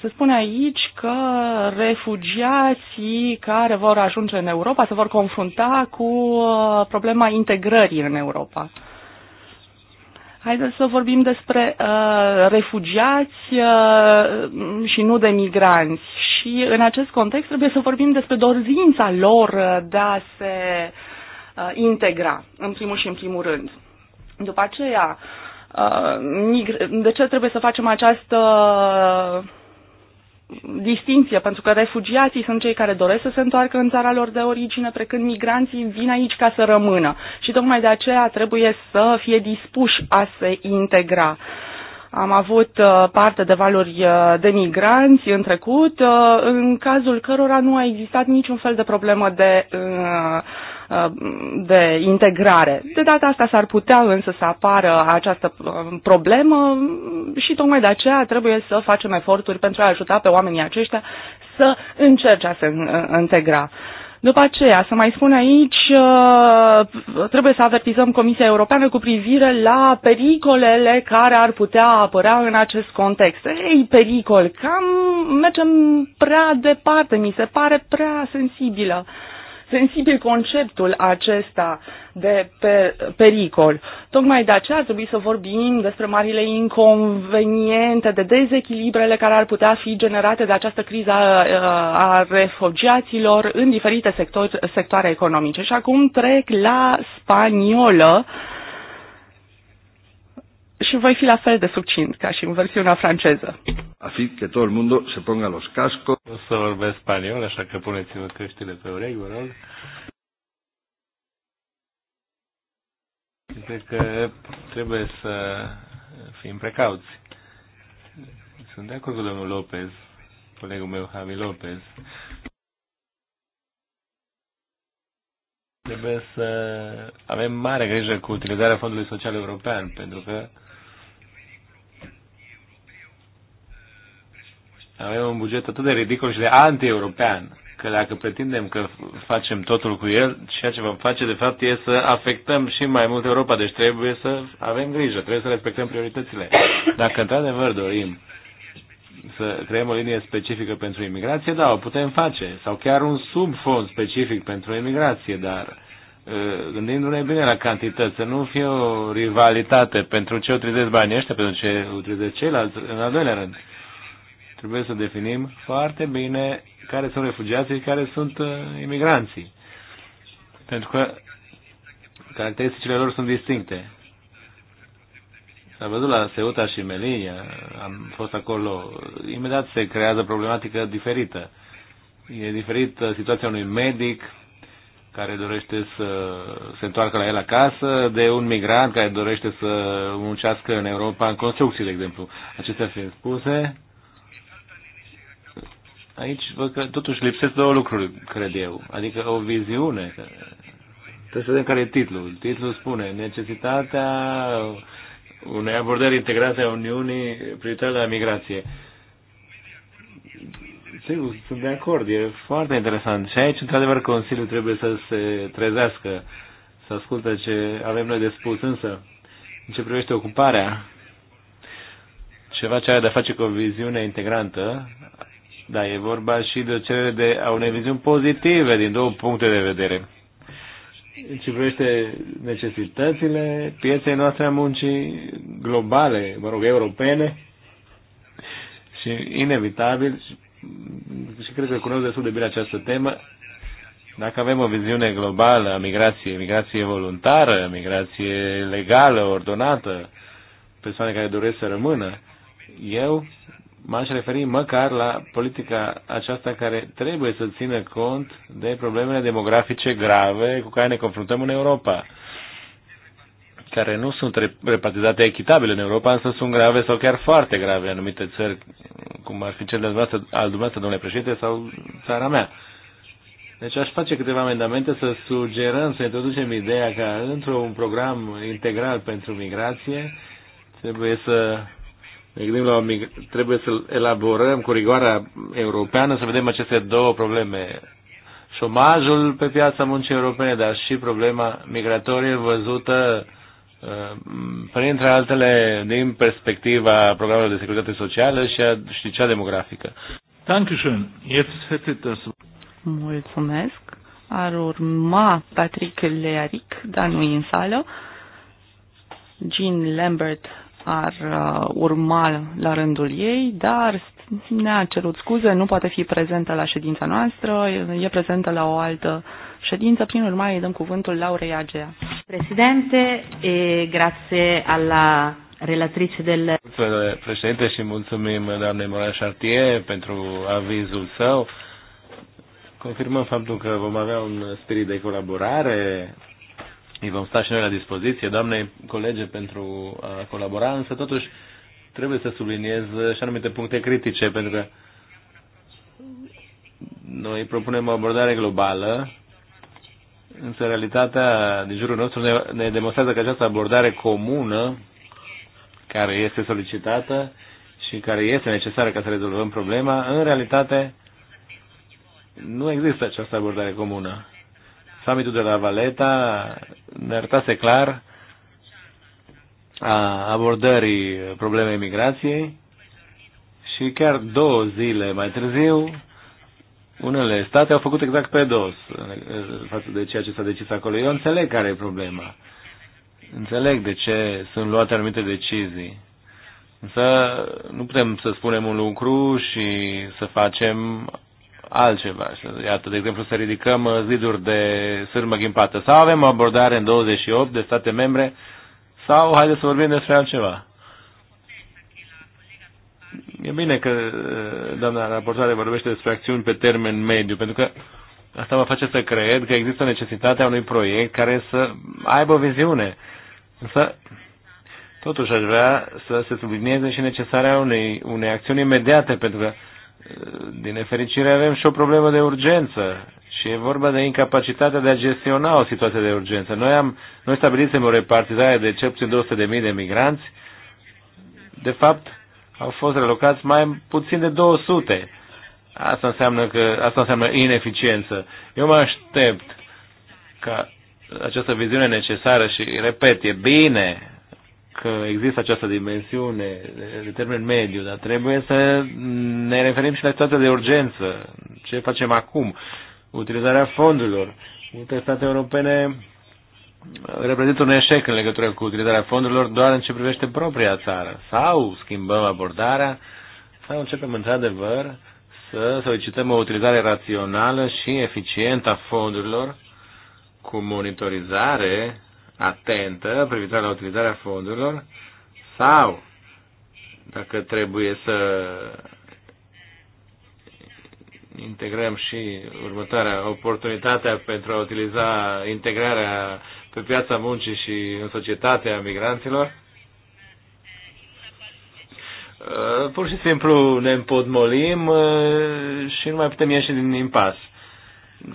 se spune aici că refugiații care vor ajunge în Europa se vor confrunta cu uh, problema integrării în Europa. Haideți să vorbim despre uh, refugiați uh, și nu de migranți și în acest context trebuie să vorbim despre dorința lor de a se uh, integra, în primul și în primul rând. După aceea, uh, de ce trebuie să facem această distinție, pentru că refugiații sunt cei care doresc să se întoarcă în țara lor de origine, precând migranții vin aici ca să rămână. Și tocmai de aceea trebuie să fie dispuși a se integra. Uh, am avut uh, parte de valuri uh, de migranți în trecut, uh, în cazul cărora nu a existat niciun fel de problemă de, de integrare. De data asta s-ar putea însă să apară această problemă și tocmai de aceea trebuie să facem eforturi pentru a ajuta pe oamenii aceștia să încerce a se integra. După aceea, să mai spun aici, uh, trebuie să avertizăm Comisia Europeană cu privire la pericolele care ar putea apărea în acest context. Ei, pericol, cam mergem prea departe, mi se pare prea sensibilă sensibil conceptul acesta de pericol. Tocmai de aceea ar trebui să vorbim despre marile inconveniente, de dezechilibrele care ar putea fi generate de această criză uh, a refugiaților în diferite sector, sectoare economice. Și acum trec la spaniolă. Uh, și voi fi la fel de succint ca și în versiunea franceză. A fi că tot mundo se ponga los cascos. O să vorbesc spaniol, așa că puneți-vă căștile pe urechi, vă rog. Cred că trebuie să fim precauți. Sunt de acord cu domnul Lopez, colegul meu Javi Lopez. trebuie să avem mare grijă cu utilizarea Fondului Social European, pentru că avem un buget atât de ridicol și de anti-european, că dacă pretindem că facem totul cu el, ceea ce vom face de fapt e să afectăm și mai mult Europa, deci trebuie să avem grijă, trebuie să respectăm prioritățile. Dacă într-adevăr dorim să creăm o linie specifică pentru imigrație, da, o putem face, sau chiar un subfond specific pentru imigrație, dar uh, gândindu-ne bine la cantități, să nu fie o rivalitate pentru ce utilizezi banii ăștia, pentru ce utilizezi ceilalți, în al doilea rând Trebuie să definim foarte bine care sunt refugiații și care sunt uh, imigranții. Pentru că caracteristicile lor sunt distincte. S-a văzut la Ceuta și Melilla, am fost acolo, imediat se creează problematică diferită. E diferită uh, situația unui medic care dorește să se întoarcă la el acasă, de un migrant care dorește să muncească în Europa în construcții, de exemplu. Acestea fiind spuse, aici văd că totuși lipsesc două lucruri, cred eu. Adică o viziune. Trebuie să vedem care e titlul. Titlul spune necesitatea unei abordări integrate a Uniunii privitoare la migrație. Sigur, sunt de acord, e foarte interesant. Și aici, într-adevăr, Consiliul trebuie să se trezească, să asculte ce avem noi de spus. Însă, în ce privește ocuparea, ceva ce are de-a face cu o viziune integrantă dar e vorba și de o cerere de a unei viziuni pozitive din două puncte de vedere. Ce privește necesitățile pieței noastre a muncii globale, mă rog, europene, și inevitabil, și cred că cunosc destul de bine această temă, dacă avem o viziune globală a migrației, migrație voluntară, migrație legală, ordonată, persoane care doresc să rămână, eu m-aș referi măcar la politica aceasta care trebuie să țină cont de problemele demografice grave cu care ne confruntăm în Europa, care nu sunt repartizate echitabile în Europa, însă sunt grave sau chiar foarte grave în anumite țări, cum ar fi cel de al dumneavoastră, domnule președinte, sau țara mea. Deci aș face câteva amendamente să sugerăm, să introducem ideea că într-un program integral pentru migrație trebuie să ne gândim la trebuie să elaborăm cu rigoarea europeană să vedem aceste două probleme. Șomajul pe piața muncii europene, dar și problema migratorie văzută uh, printre altele din perspectiva programelor de securitate socială și, a, și cea demografică. Dankeschön. Jetzt hätte das... Mulțumesc. Ar urma Patrick Learic, dar nu în sală. Jean Lambert ar uh, urma la rândul ei, dar ne-a cerut scuze, nu poate fi prezentă la ședința noastră, e prezentă la o altă ședință, prin urmare îi dăm cuvântul Laurei Agea. Președinte, e, la relatrice del... Mulțumesc, președinte, și mulțumim doamnei Moran Chartier pentru avizul său. Confirmăm faptul că vom avea un spirit de colaborare îi vom sta și noi la dispoziție, doamnei colege, pentru a colabora, însă totuși trebuie să subliniez și anumite puncte critice, pentru că noi propunem o abordare globală, însă realitatea din jurul nostru ne, ne demonstrează că această abordare comună care este solicitată și care este necesară ca să rezolvăm problema, în realitate nu există această abordare comună. Summitul de la Valeta ne arătase clar a abordării problemei migrației și chiar două zile mai târziu unele state au făcut exact pe dos față de ceea ce s-a decis acolo. Eu înțeleg care e problema. Înțeleg de ce sunt luate anumite decizii. Însă nu putem să spunem un lucru și să facem altceva. Iată, de exemplu, să ridicăm uh, ziduri de sârmă ghimpată. Sau avem o abordare în 28 de state membre, sau haideți să vorbim despre altceva. E bine că uh, doamna raportoare vorbește despre acțiuni pe termen mediu, pentru că asta mă face să cred că există necesitatea unui proiect care să aibă o viziune. Însă, totuși aș vrea să se sublinieze și necesarea unei, unei acțiuni imediate, pentru că uh, din nefericire avem și o problemă de urgență și e vorba de incapacitatea de a gestiona o situație de urgență. Noi, am, noi stabilisem o repartizare de cel puțin 200.000 de migranți. De fapt, au fost relocați mai puțin de 200. Asta înseamnă, că, asta înseamnă ineficiență. Eu mă aștept ca această viziune necesară și, repet, e bine că există această dimensiune de termen mediu, dar trebuie să ne referim și la situația de urgență. Ce facem acum? Utilizarea fondurilor. Multe state europene reprezintă un eșec în legătură cu utilizarea fondurilor doar în ce privește propria țară. Sau schimbăm abordarea, sau începem într-adevăr să solicităm o utilizare rațională și eficientă a fondurilor cu monitorizare atentă privitoare la utilizarea fondurilor sau dacă trebuie să integrăm și următoarea oportunitatea pentru a utiliza integrarea pe piața muncii și în societatea migranților. Pur și simplu ne împodmolim uh, și nu mai putem ieși din impas.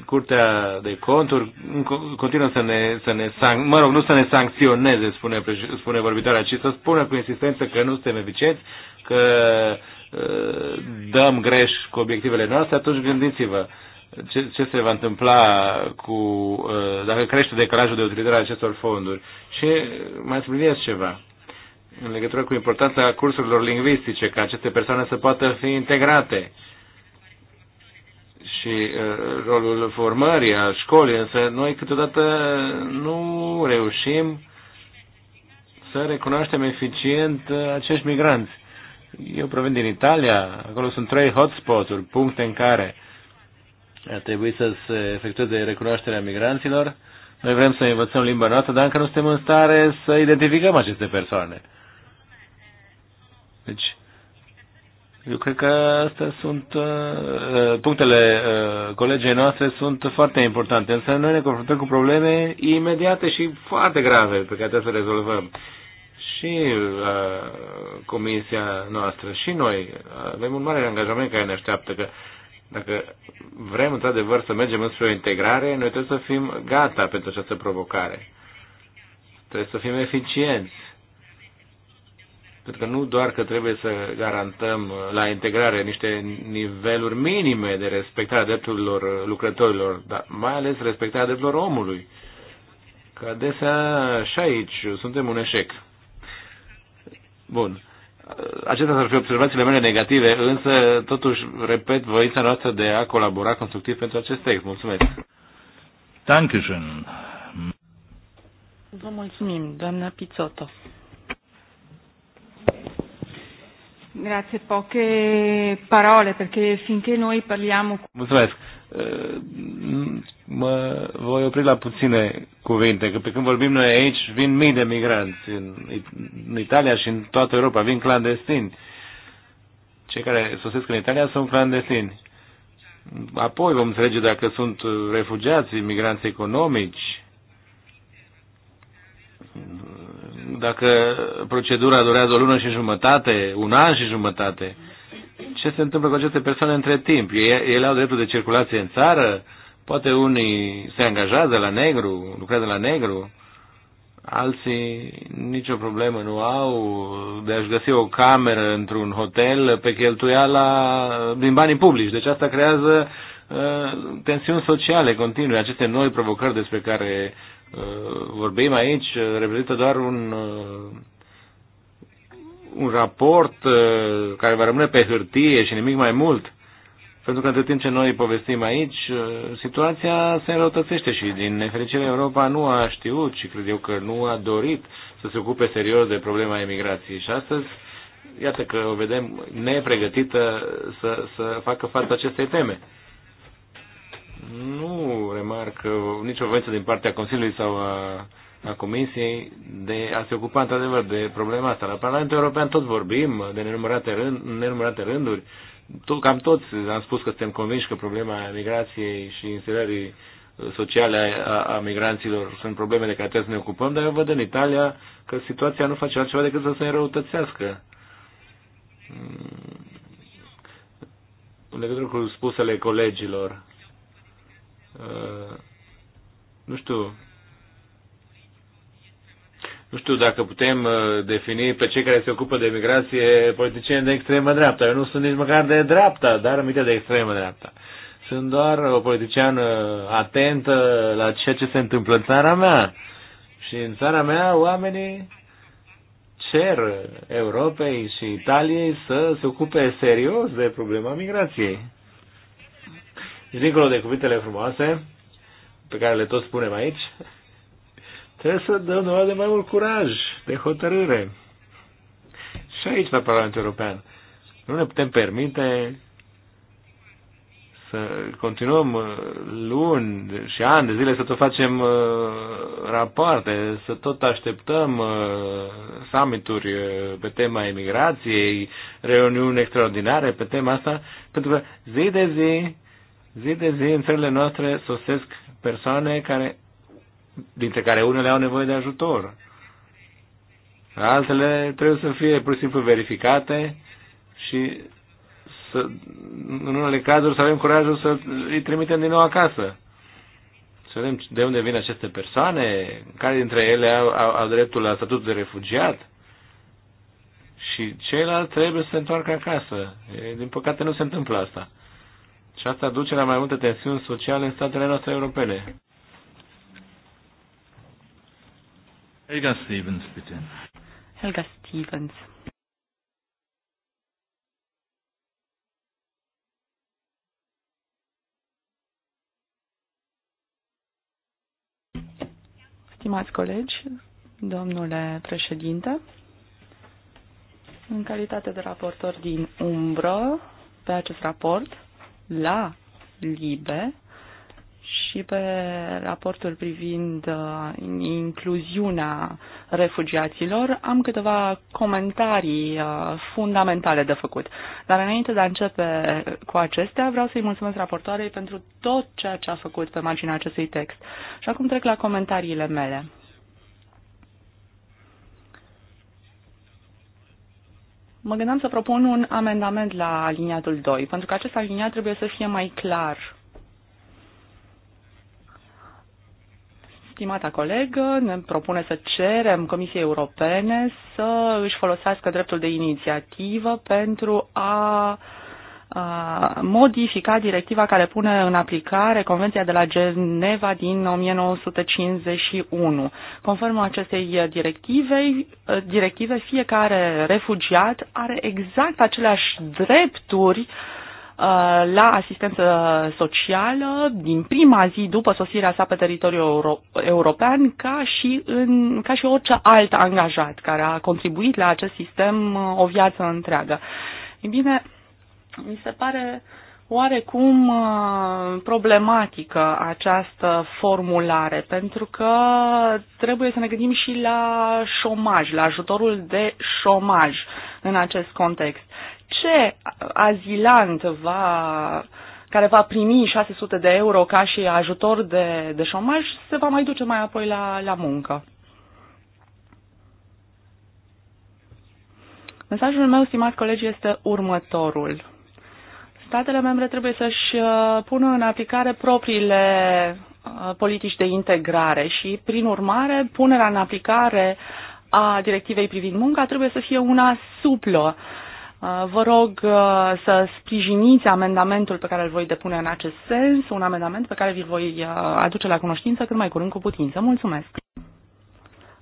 Curtea de conturi continuă să ne, să ne mă rog, nu să ne sancționeze, spune, spune vorbitoarea, ci să spună cu insistență că nu suntem eficienți, că uh, dăm greș cu obiectivele noastre, atunci gândiți-vă ce, ce se va întâmpla cu, uh, dacă crește decalajul de utilizare a acestor fonduri. Și mai subliniez ceva în legătură cu importanța cursurilor lingvistice, ca aceste persoane să poată fi integrate și uh, rolul formării al școlii, însă noi câteodată nu reușim să recunoaștem eficient uh, acești migranți. Eu provin din Italia, acolo sunt trei hotspot-uri, puncte în care ar trebui să se efectueze recunoașterea migranților. Noi vrem să învățăm limba noastră, dar încă nu suntem în stare să identificăm aceste persoane. Deci, eu cred că astea sunt uh, uh, punctele uh, colegei noastre sunt foarte importante, însă noi ne confruntăm cu probleme imediate și foarte grave pe care trebuie să le rezolvăm. Și uh, comisia noastră și noi avem un mare angajament care ne așteaptă că dacă vrem într-adevăr să mergem înspre o integrare, noi trebuie să fim gata pentru această provocare. Trebuie să fim eficienți pentru că nu doar că trebuie să garantăm uh, la integrare niște niveluri minime de respectarea drepturilor uh, lucrătorilor, dar mai ales respectarea drepturilor omului. Că adesea și aici suntem un eșec. Bun. Uh, acestea ar fi observațiile mele negative, însă, totuși, repet, voința noastră de a colabora constructiv pentru acest text. Mulțumesc! Dankeschön! Vă mulțumim, doamna Pizzotto. Grazie, poche parole perché finché noi parliamo. Mulțumesc. Eh, mă voi opri la puține cuvinte, că pe când vorbim noi aici vin mii de migranți în Italia și în toată Europa, vin clandestini. Cei care sosesc în Italia sunt clandestini. Apoi vom înțelege dacă sunt refugiați, migranți economici, dacă procedura durează o lună și jumătate, un an și jumătate, ce se întâmplă cu aceste persoane între timp? Ele au dreptul de circulație în țară? Poate unii se angajează la negru, lucrează la negru, alții nicio problemă nu au de a-și găsi o cameră într-un hotel pe cheltuiala din banii publici. Deci asta creează uh, tensiuni sociale continue, aceste noi provocări despre care Uh, vorbim aici uh, reprezintă doar un, uh, un raport care va rămâne pe hârtie și nimic mai mult. Pentru că între timp ce noi povestim aici, situația se înrăutățește și din nefericire Europa nu a știut și cred eu că nu a dorit să se ocupe serios de problema emigrației. Și astăzi, iată că o vedem nepregătită să, să facă față acestei teme nu remarc uh, nicio voință din partea Consiliului sau a, a Comisiei de a se ocupa într-adevăr de problema asta. La Parlamentul European tot vorbim de nenumărate, rând, nenumărate rânduri. Tot, cam toți am spus că suntem convinși că problema migrației și inserării uh, sociale a, a migranților sunt probleme de care trebuie să ne ocupăm, dar eu văd în Italia că situația nu face altceva decât să se înrăutățească mm. în legătură cu spusele colegilor. Uh, nu știu, nu știu dacă putem uh, defini pe cei care se ocupă de migrație politicieni de extremă dreapta. Eu nu sunt nici măcar de dreapta, dar aminte de extremă dreapta. Sunt doar o politiciană uh, atentă la ceea ce se întâmplă în țara mea. Și în țara mea oamenii cer Europei și Italiei să se ocupe serios de problema migrației și dincolo de cuvintele frumoase, pe care le tot spunem aici, trebuie să dăm dovadă de mai mult curaj, de hotărâre. Și aici, la Parlamentul European, nu ne putem permite să continuăm uh, luni și ani de zile să tot facem uh, rapoarte, să tot așteptăm uh, summituri pe tema emigrației, reuniuni extraordinare pe tema asta, pentru că zi de zi Zi de zi în țările noastre sosesc persoane care, dintre care unele au nevoie de ajutor. Altele trebuie să fie pur și simplu verificate și să, în unele cazuri să avem curajul să îi trimitem din nou acasă. Să vedem de unde vin aceste persoane, care dintre ele au, au, au dreptul la statut de refugiat și ceilalți trebuie să se întoarcă acasă. E, din păcate nu se întâmplă asta. Și asta duce la mai multe tensiuni sociale în statele noastre europene. Helga Stevens, bitte. Helga Stevens. Stimați colegi, domnule președinte, în calitate de raportor din umbră pe acest raport, la LIBE și pe raportul privind uh, incluziunea refugiaților, am câteva comentarii uh, fundamentale de făcut. Dar înainte de a începe cu acestea, vreau să-i mulțumesc raportoarei pentru tot ceea ce a făcut pe marginea acestui text. Și acum trec la comentariile mele. Mă gândeam să propun un amendament la aliniatul 2, pentru că acest aliniat trebuie să fie mai clar. Stimata colegă ne propune să cerem Comisiei Europene să își folosească dreptul de inițiativă pentru a uh, modifica directiva care pune în aplicare Convenția de la Geneva din 1951. Conform acestei directive, directive fiecare refugiat are exact aceleași drepturi la asistență socială din prima zi după sosirea sa pe teritoriul euro- european ca și, în, ca și orice alt angajat care a contribuit la acest sistem o viață întreagă. Ei bine, mi se pare oarecum uh, problematică această formulare, pentru că trebuie să ne gândim și la șomaj, la ajutorul de șomaj în acest context. Ce azilant va care va primi 600 de euro ca și ajutor de, de șomaj, se va mai duce mai apoi la, la muncă. Mesajul meu, stimați colegi, este următorul. Statele membre trebuie să-și uh, pună în aplicare propriile uh, politici de integrare și, prin urmare, punerea în aplicare a directivei privind munca trebuie să fie una suplă. Uh, vă rog să sprijiniți amendamentul pe care îl voi depune în acest sens, un amendament pe care vi-l voi aduce la cunoștință cât mai curând cu putință. Mulțumesc!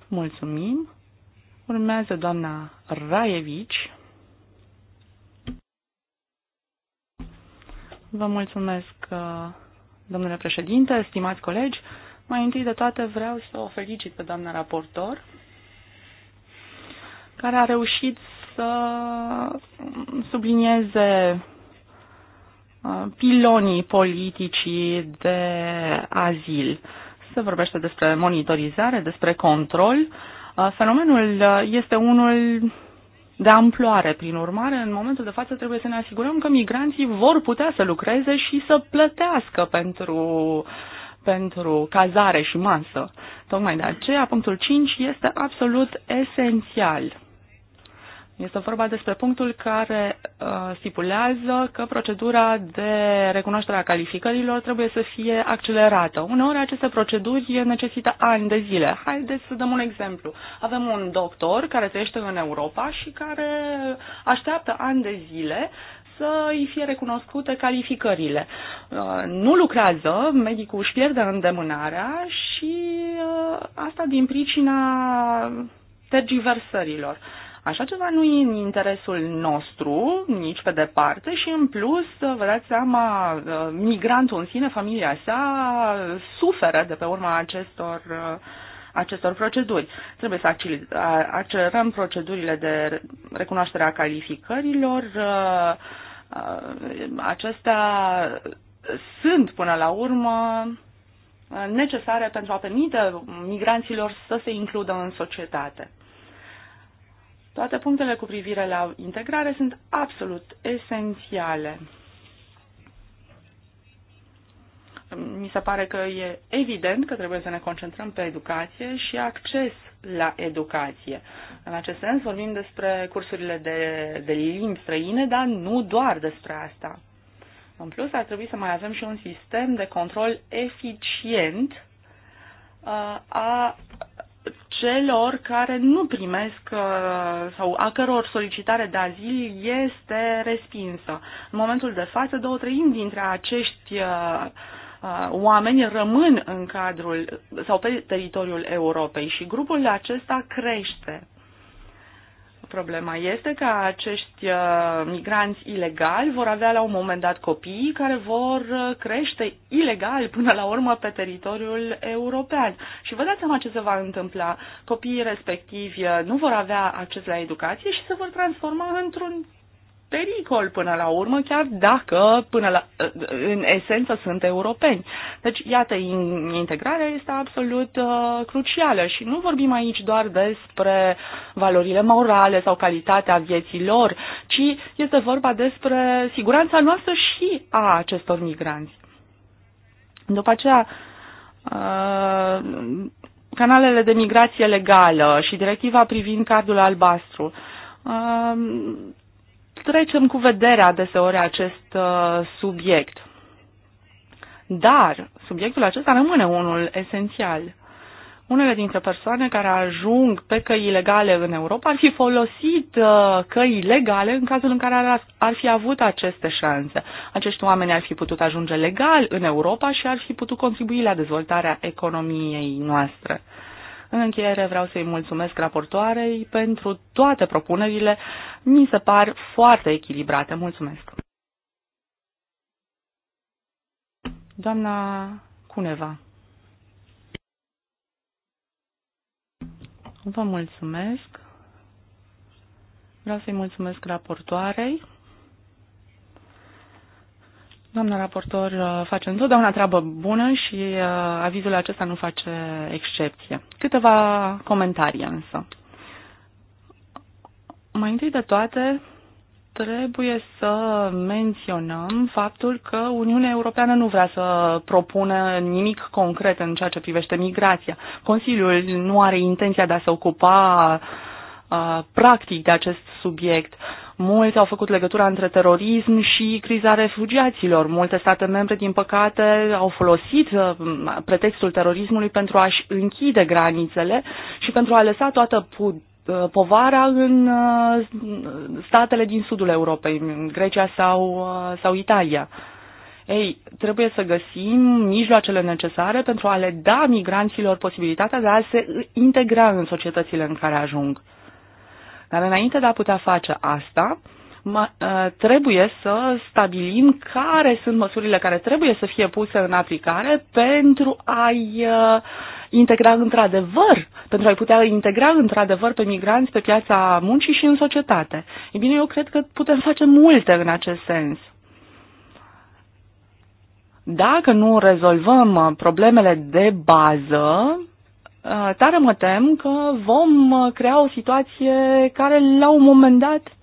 Mulțumim! Urmează doamna Raievici. Vă mulțumesc, uh, domnule președinte, stimați colegi. Mai întâi de toate vreau să o felicit pe doamna raportor, care a reușit să sublinieze uh, pilonii politicii de azil. Se vorbește despre monitorizare, despre control. Uh, fenomenul este unul de amploare. Prin urmare, în momentul de față trebuie să ne asigurăm că migranții vor putea să lucreze și să plătească pentru, pentru cazare și masă. Tocmai de aceea, punctul 5 este absolut esențial. Este vorba despre punctul care uh, stipulează că procedura de recunoaștere a calificărilor trebuie să fie accelerată. Uneori aceste proceduri necesită ani de zile. Haideți să dăm un exemplu. Avem un doctor care trăiește în Europa și care așteaptă ani de zile să îi fie recunoscute calificările. Uh, nu lucrează, medicul își pierde îndemânarea și uh, asta din pricina tergiversărilor. Așa ceva nu e în interesul nostru, nici pe departe, și în plus, vă dați seama, uh, migrantul în sine, familia sa, suferă de pe urma acestor uh, acestor proceduri. Trebuie să accelerăm procedurile de recunoaștere a calificărilor. Uh, acestea sunt, până la urmă, necesare pentru a permite migranților să se includă în societate. Toate punctele cu privire la integrare sunt absolut esențiale. Mi se pare că e evident că trebuie să ne concentrăm pe educație și acces la educație. În acest sens vorbim despre cursurile de, de limbi străine, dar nu doar despre asta. În plus, ar trebui să mai avem și un sistem de control eficient uh, a celor care nu primesc uh, sau a căror solicitare de azil este respinsă. În momentul de față, două treimi dintre acești uh, uh, oameni rămân în cadrul sau pe teritoriul Europei și grupul acesta crește. Problema este că acești uh, migranți ilegali vor avea la un moment dat copii care vor uh, crește ilegal până la urmă pe teritoriul european. Și vă dați seama ce se va întâmpla. Copiii respectivi uh, nu vor avea acces la educație și se vor transforma într-un pericol până la urmă, chiar dacă până la, în esență sunt europeni. Deci, iată, integrarea este absolut uh, crucială și nu vorbim aici doar despre valorile morale sau calitatea vieții lor, ci este vorba despre siguranța noastră și a acestor migranți. După aceea, uh, canalele de migrație legală și directiva privind cardul albastru. Uh, trecem cu vederea deseori acest uh, subiect. Dar subiectul acesta rămâne unul esențial. Unele dintre persoane care ajung pe căi ilegale în Europa ar fi folosit uh, căi legale în cazul în care ar, ar fi avut aceste șanse. Acești oameni ar fi putut ajunge legal în Europa și ar fi putut contribui la dezvoltarea economiei noastre. În încheiere vreau să-i mulțumesc raportoarei pentru toate propunerile. Mi se par foarte echilibrate. Mulțumesc. Doamna Cuneva. Vă mulțumesc. Vreau să-i mulțumesc raportoarei. Doamna raportor uh, face întotdeauna treabă bună și uh, avizul acesta nu face excepție. Câteva comentarii însă. Mai întâi de toate, trebuie să menționăm faptul că Uniunea Europeană nu vrea să propună nimic concret în ceea ce privește migrația. Consiliul nu are intenția de a se ocupa uh, practic de acest subiect. Uh, Mulți au făcut legătura între terorism și criza refugiaților. Multe state membre, din păcate, au folosit uh, pretextul terorismului pentru a-și închide granițele și pentru a lăsa toată uh, povara în uh, statele din sudul Europei, în Grecia sau, sau Italia. Ei, trebuie să găsim mijloacele necesare pentru a le da migranților posibilitatea de a se integra în societățile în care ajung. Dar înainte de a putea face asta, ă, trebuie să stabilim care sunt măsurile care trebuie să fie puse în aplicare pentru a-i ă, integra într-adevăr, pentru a-i putea integra într-adevăr pe migranți pe piața muncii și în societate. E bine, eu cred că putem face multe în acest sens. Dacă nu rezolvăm problemele de bază, Eh, tare mă tem că vom eh, crea o situație care la un moment dat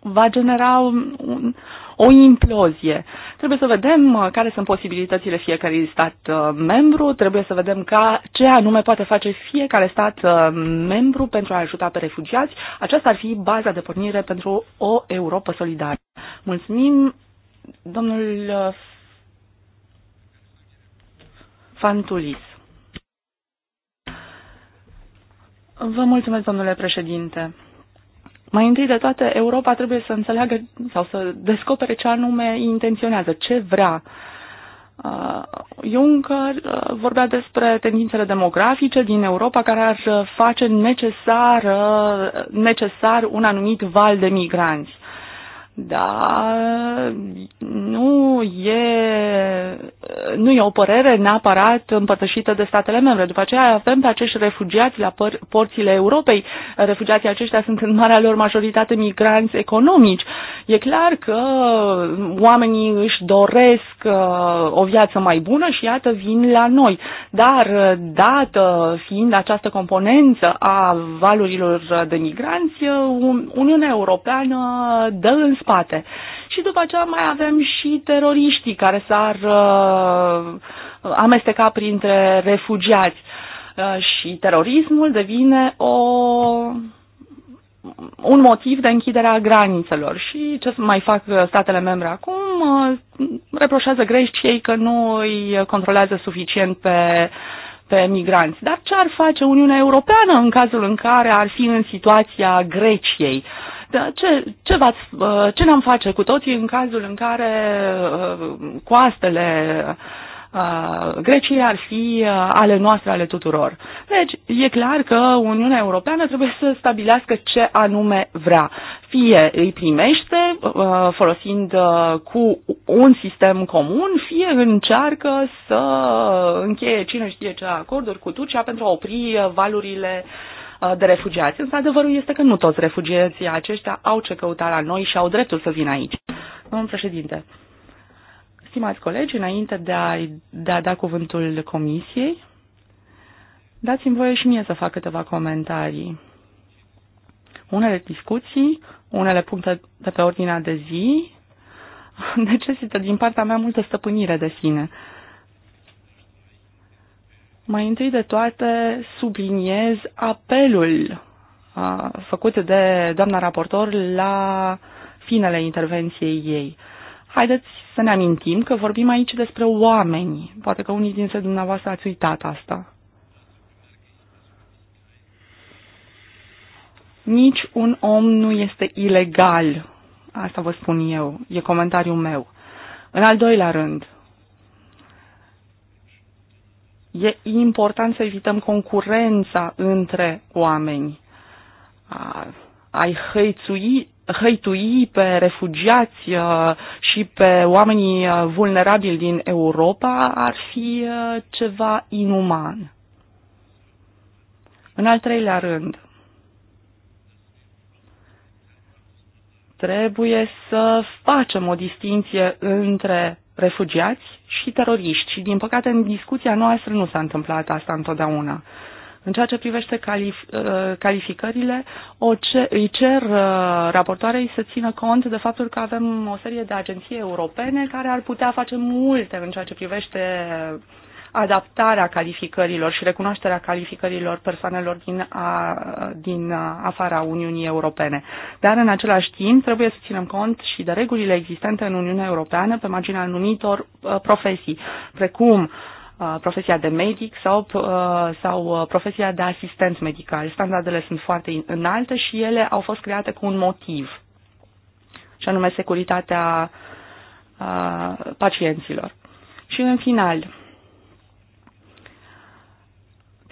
va genera un, o implozie. Trebuie să vedem eh, care sunt posibilitățile fiecărui stat membru, trebuie să vedem ca, ce anume poate face fiecare stat membru pentru a ajuta pe refugiați. Aceasta ar fi baza de pornire pentru o Europa solidară. Mulțumim, domnul Fantulis. Vă mulțumesc, domnule președinte. Mai întâi de toate, Europa trebuie să înțeleagă sau să descopere ce anume intenționează, ce vrea. Uh, Juncker uh, vorbea despre tendințele demografice din Europa care ar face necesar, necesar un anumit val de migranți. Da, nu e, nu e o părere neapărat împărtășită de statele membre. După aceea avem pe acești refugiați la por- porțile Europei. Refugiații aceștia sunt în marea lor majoritate migranți economici. E clar că oamenii își doresc uh, o viață mai bună și iată vin la noi. Dar dată fiind această componență a valurilor de migranți, uh, Uniunea Europeană dă în spate. Și după aceea mai avem și teroriștii care s-ar uh, amesteca printre refugiați. Uh, și terorismul devine o un motiv de închidere a granițelor. Și ce mai fac statele membre acum? Uh, reproșează Greciei că nu îi controlează suficient pe, pe migranți. Dar ce ar face Uniunea Europeană în cazul în care ar fi în situația Greciei? Uh, da, ce, ce, v-ați, uh, ce ne-am face cu toții în cazul în care uh, coastele uh, Greciei ar fi ale noastre, ale tuturor. Deci, e clar că Uniunea Europeană trebuie să stabilească ce anume vrea. Fie îi primește folosind cu un sistem comun, fie încearcă să încheie cine știe ce acorduri cu Turcia pentru a opri valurile uh, de refugiați, însă adevărul este că nu toți refugiații aceștia au ce căuta la noi și au dreptul să vină aici. Domnul președinte, stimați colegi, înainte de a, de a da cuvântul comisiei, dați-mi voie și mie să fac câteva comentarii. Unele discuții, unele puncte de pe ordinea de zi necesită din partea mea multă stăpânire de sine. Uh, mai întâi de toate subliniez apelul uh, făcut de doamna raportor la finele intervenției ei. Haideți să ne amintim că vorbim aici despre oameni. Poate că unii dintre dumneavoastră ați uitat asta. Nici un om nu este ilegal. Asta vă spun eu. E comentariul meu. În al doilea rând, E important să evităm concurența între oameni. Ai hăițui, hăitui pe refugiați și pe oamenii vulnerabili din Europa ar fi ceva inuman. În al treilea rând, trebuie să facem o distinție între refugiați și teroriști. Și, din păcate, în discuția noastră nu s-a întâmplat asta întotdeauna. În ceea ce privește calif- uh, calificările, o ce- îi cer uh, raportoarei să țină cont de faptul că avem o serie de agenții europene care ar putea face multe în ceea ce privește adaptarea calificărilor și recunoașterea calificărilor persoanelor din, a, din afara Uniunii Europene. Dar, în același timp, trebuie să ținem cont și de regulile existente în Uniunea Europeană pe marginea anumitor uh, profesii, precum uh, profesia de medic sau, uh, sau profesia de asistent medical. Standardele sunt foarte înalte și ele au fost create cu un motiv, și anume securitatea pacienților. Și în final,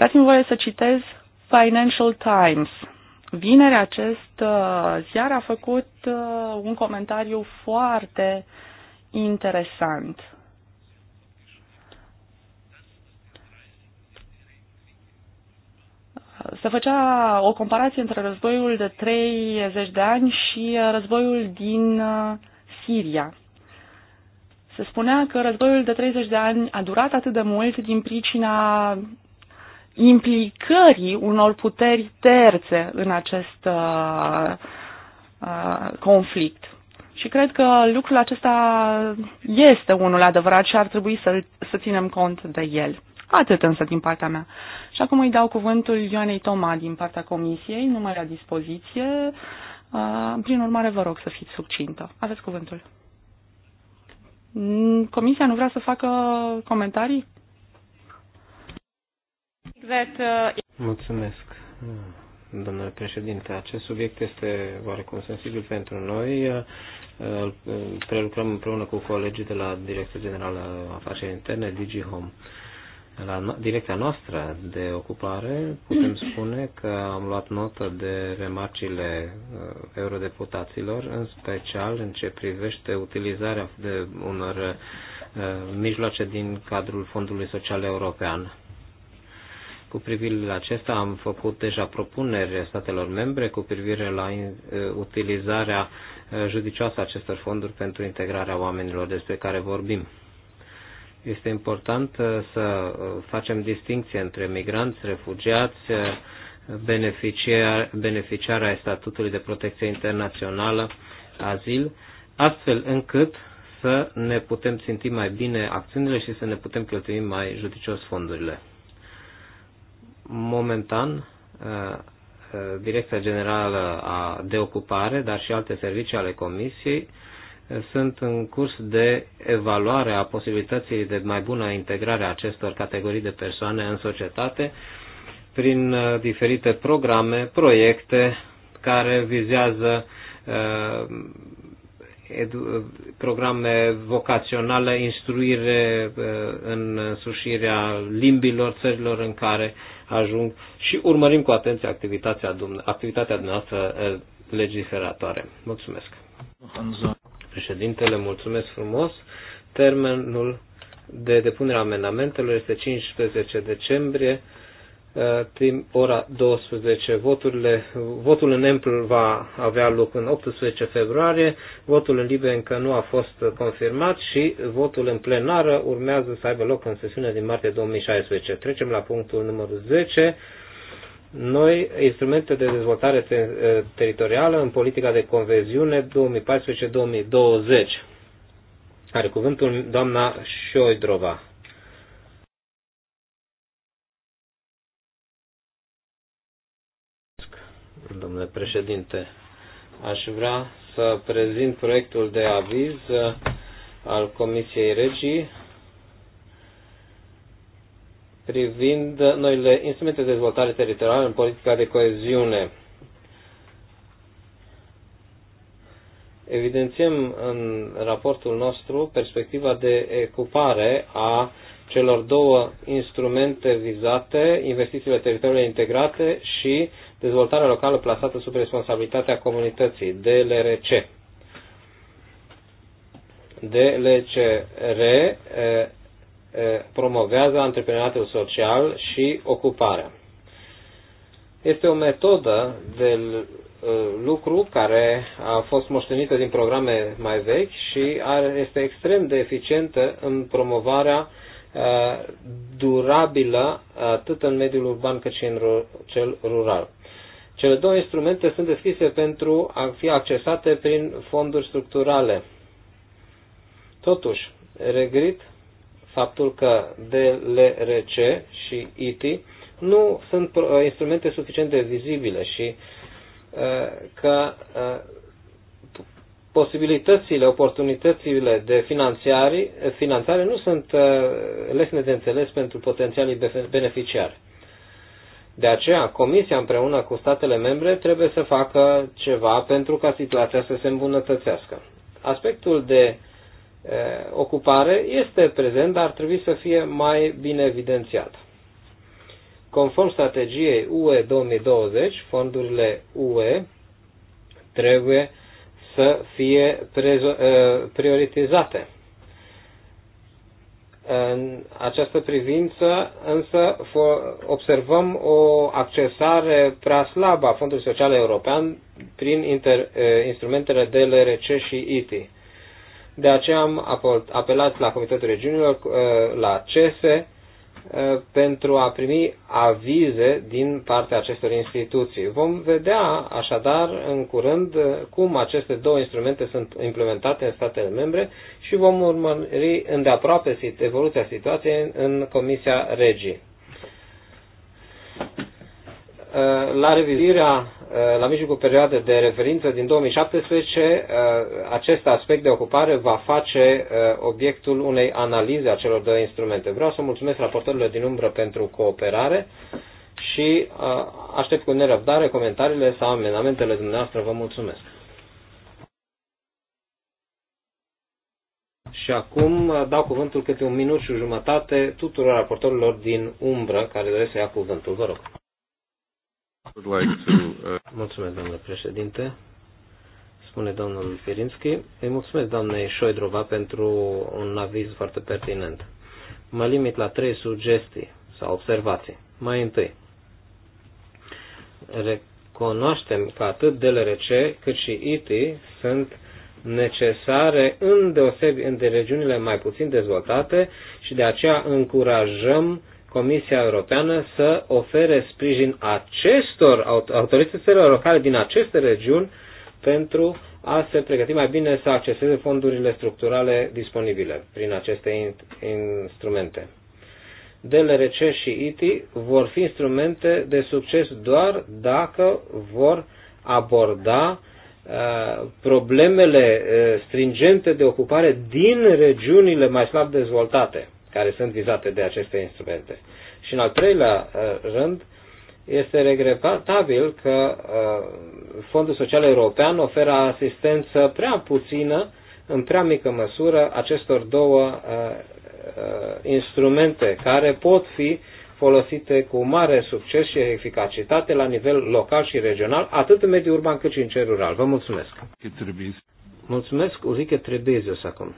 Dați-mi voie să citez Financial Times. Vineri acest uh, ziar a făcut uh, un comentariu foarte interesant. se făcea o comparație între războiul de 30 de ani și uh, războiul din Siria. Se spunea că războiul de 30 de ani a durat atât de mult din pricina implicării unor puteri terțe în acest uh, uh, conflict. Și cred că lucrul acesta este unul adevărat și ar trebui să, să ținem cont de el. Atât însă din partea mea. Și acum îi dau cuvântul Ioanei Toma din partea comisiei, numai la dispoziție. Uh, prin urmare, vă rog să fiți succintă. Aveți cuvântul. Comisia nu vrea să facă comentarii? that, uh... Mulțumesc, domnule președinte. Acest subiect este oarecum sensibil pentru noi. Prelucrăm împreună cu colegii de la Direcția Generală Afaceri Interne, DigiHome. La direcția noastră de ocupare putem spune că am luat notă de remarcile uh, eurodeputaților, în special în ce privește utilizarea de unor uh, mijloace din cadrul Fondului Social European. Cu privire la acesta am făcut deja propuneri statelor membre cu privire la eh, utilizarea eh, judicioasă a acestor fonduri pentru integrarea oamenilor despre care vorbim. Este important eh, să facem distinție între migranți, refugiați, beneficiar, ai statutului de protecție internațională, azil, astfel încât să ne putem ținti mai bine acțiunile și să ne putem cheltui mai judicios fondurile. Momentan, uh, uh, Direcția Generală a de Ocupare, dar și alte servicii ale Comisiei, uh, sunt în curs de evaluare a posibilității de mai bună integrare a acestor categorii de persoane în societate prin diferite programe, proiecte care vizează programe vocaționale, instruire în sușirea limbilor țărilor în care ajung și urmărim cu atenție activitatea, activitatea dumneavoastră eh, legiferatoare. Mulțumesc. Președintele, mulțumesc frumos. Termenul de depunere a amendamentelor este 15 decembrie Uh, prin ora 12. Voturile, votul în Empl va avea loc în 18 februarie, votul în Libe încă nu a fost confirmat și votul în plenară urmează să aibă loc în sesiunea din martie 2016. Trecem la punctul numărul 10. Noi, instrumente de dezvoltare uh, teritorială în politica de conveziune 2014-2020. Are cuvântul doamna Șoidrova. domnule președinte. Aș vrea să prezint proiectul de aviz uh, al Comisiei Regii privind uh, noile instrumente de dezvoltare teritorială în politica de coeziune. Evidențiem în raportul nostru perspectiva de ecupare a celor două instrumente vizate, investițiile teritoriale integrate și dezvoltarea locală plasată sub responsabilitatea comunității, DLRC. DLCR promovează antreprenoriatul social și ocuparea. Este o metodă de lucru care a fost moștenită din programe mai vechi și este extrem de eficientă în promovarea durabilă atât în mediul urban cât și în cel rural. Cele două instrumente sunt deschise pentru a fi accesate prin fonduri structurale. Totuși, regret faptul că DLRC și IT nu sunt uh, instrumente suficient de vizibile și uh, că uh, posibilitățile, oportunitățile de finanțare, finanțare nu sunt lesne de înțeles pentru potențialii beneficiari. De aceea, Comisia împreună cu statele membre trebuie să facă ceva pentru ca situația să se îmbunătățească. Aspectul de ocupare este prezent, dar ar trebui să fie mai bine evidențiat. Conform strategiei UE 2020, fondurile UE trebuie să fie prioritizate în această privință, însă, observăm o accesare prea slabă a Fondului Social European prin inter, instrumentele DLRC și ITI. De aceea am apelat la Comitetul Regiunilor, la CESE, Ă, pentru a primi avize din partea acestor instituții. Vom vedea așadar în curând cum aceste două instrumente sunt implementate în statele membre și vom urmări îndeaproape evoluția situației în Comisia Regii. Ă, la revizuirea Eh, la mijlocul perioadei de referință din 2017, eh, acest aspect de ocupare va face eh, obiectul unei analize a celor două instrumente. Vreau să mulțumesc raportorilor din umbră pentru cooperare și aștept cu nerăbdare comentariile sau amendamentele dumneavoastră. Vă mulțumesc! Și acum dau cuvântul câte un minut și jumătate tuturor raportorilor din umbră care doresc să ia cuvântul. Vă rog! Would like to, uh... Mulțumesc, domnule președinte. Spune domnul Firinski. Îi mulțumesc doamnei Șoidrova pentru un aviz foarte pertinent. Mă limit la trei sugestii sau observații. Mai întâi, recunoaștem că atât DLRC cât și IT sunt necesare în în de regiunile mai puțin dezvoltate și de aceea încurajăm Comisia Europeană să ofere sprijin acestor autorităților locale din aceste regiuni pentru a se pregăti mai bine să acceseze fondurile structurale disponibile prin aceste instrumente. DLRC și ITI vor fi instrumente de succes doar dacă vor aborda uh, problemele uh, stringente de ocupare din regiunile mai slab dezvoltate care sunt vizate de aceste instrumente. Și în al treilea uh, rând, este regretabil că uh, Fondul Social European oferă asistență prea puțină, în prea mică măsură, acestor două uh, instrumente care pot fi folosite cu mare succes și eficacitate la nivel local și regional, atât în mediul urban cât și în cer rural. Vă mulțumesc! Mulțumesc, Ulrike să acum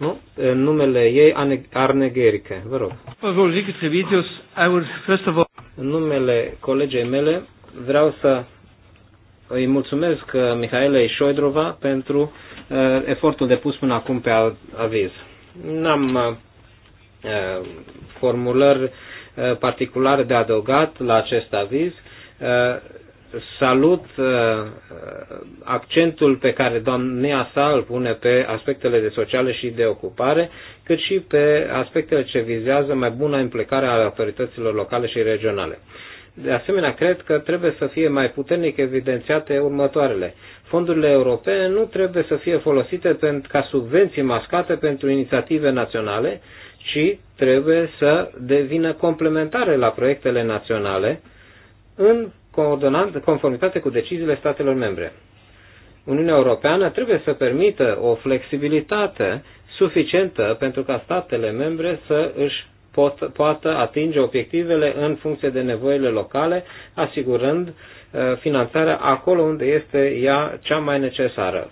nu? În numele ei, Arne Vă rog. În numele colegei mele, vreau să îi mulțumesc uh, Mihaelei Șoidrova pentru uh, efortul depus până acum pe aviz. N-am uh, formulări uh, particulare de adăugat la acest aviz. Uh, salut uh, uh, accentul pe care doamnia sa îl pune pe aspectele de sociale și de ocupare, cât și pe aspectele ce vizează mai bună implicare a autorităților locale și regionale. De asemenea, cred că trebuie să fie mai puternic evidențiate următoarele. Fondurile europene nu trebuie să fie folosite ca subvenții mascate pentru inițiative naționale, ci trebuie să devină complementare la proiectele naționale în coordonat, conformitate cu deciziile statelor membre. Uniunea Europeană trebuie să permită o flexibilitate suficientă pentru ca statele membre să își pot, poată atinge obiectivele în funcție de nevoile locale, asigurând uh, finanțarea acolo unde este ea cea mai necesară.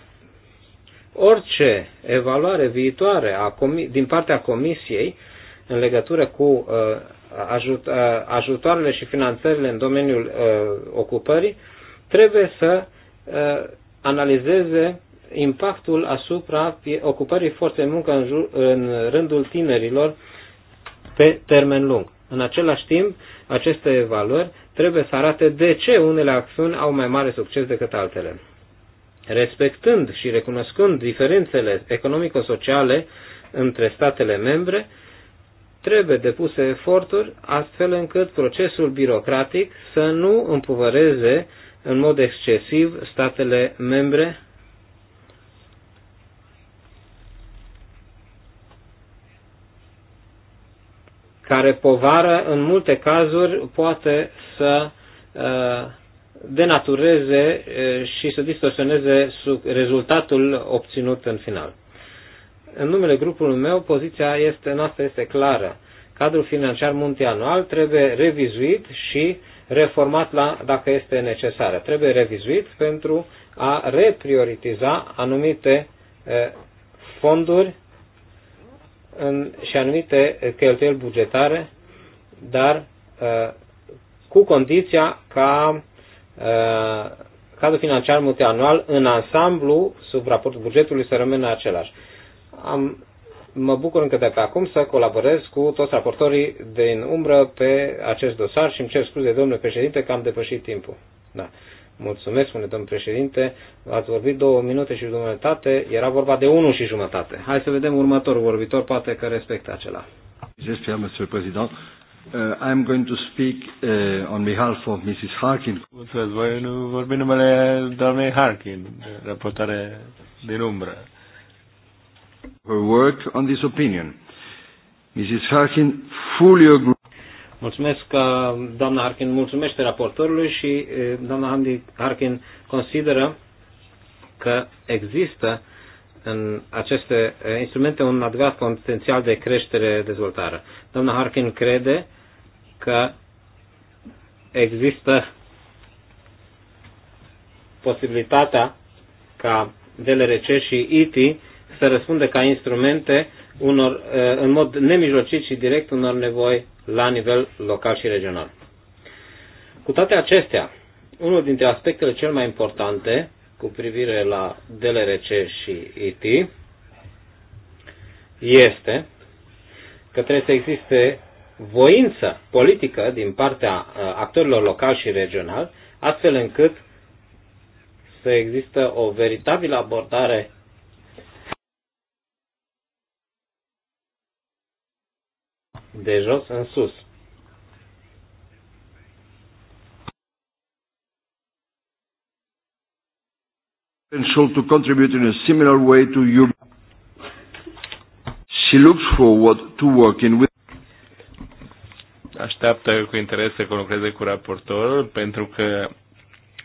Orice evaluare viitoare a din partea Comisiei în legătură cu uh, ajut, ajutoarele și finanțările în domeniul ocupării, trebuie să analizeze impactul asupra ocupării forței muncă în, jur, în rândul tinerilor pe termen lung. În același timp, aceste evaluări trebuie să arate de ce unele acțiuni au mai mare succes decât altele. Respectând și recunoscând diferențele economico-sociale între statele membre, trebuie depuse eforturi astfel încât procesul birocratic să nu împovăreze în mod excesiv statele membre care povară în multe cazuri poate să uh, denatureze uh, și să distorsioneze rezultatul obținut în final în numele grupului meu, poziția este, noastră este clară. Cadrul financiar multianual trebuie revizuit și reformat la, dacă este necesar. Trebuie revizuit pentru a reprioritiza anumite fonduri în, și anumite cheltuieli bugetare, dar cu condiția ca cadrul financiar multianual în ansamblu, sub raportul bugetului, să rămână același. Am, mă bucur încă de pe acum să colaborez cu toți raportorii din umbră pe acest dosar și îmi cer scuze, domnule președinte, că am depășit timpul. Da. Mulțumesc, spune domnul președinte. Ați vorbit două minute și jumătate. Era vorba de unu și jumătate. Hai să vedem următorul vorbitor, poate că respectă acela. J'espère, monsieur le Uh, I'm going to speak uh, on behalf of Mrs. Harkin. Mulțumesc, voi vorbi numele doamnei Harkin, raportare din umbră. Her work on this opinion. Mrs. Harkin fully agrees. Mulțumesc, uh, doamna Harkin mulțumește raportorului și uh, doamna Harkin consideră că există în aceste uh, instrumente un adevărat potențial de creștere, dezvoltare. Doamna Harkin crede că există posibilitatea ca DLRC și ITI să răspundă ca instrumente unor, eh, în mod nemijlocit și direct unor nevoi la nivel local și regional. Cu toate acestea, unul dintre aspectele cel mai importante cu privire la DLRC și IT este că trebuie să existe voință politică din partea eh, actorilor locali și regional, astfel încât să există o veritabilă abordare de jos în sus. potential to contribute in a similar way to Europe. She looks forward to working with Așteaptă cu interes să lucreze cu raportorul pentru că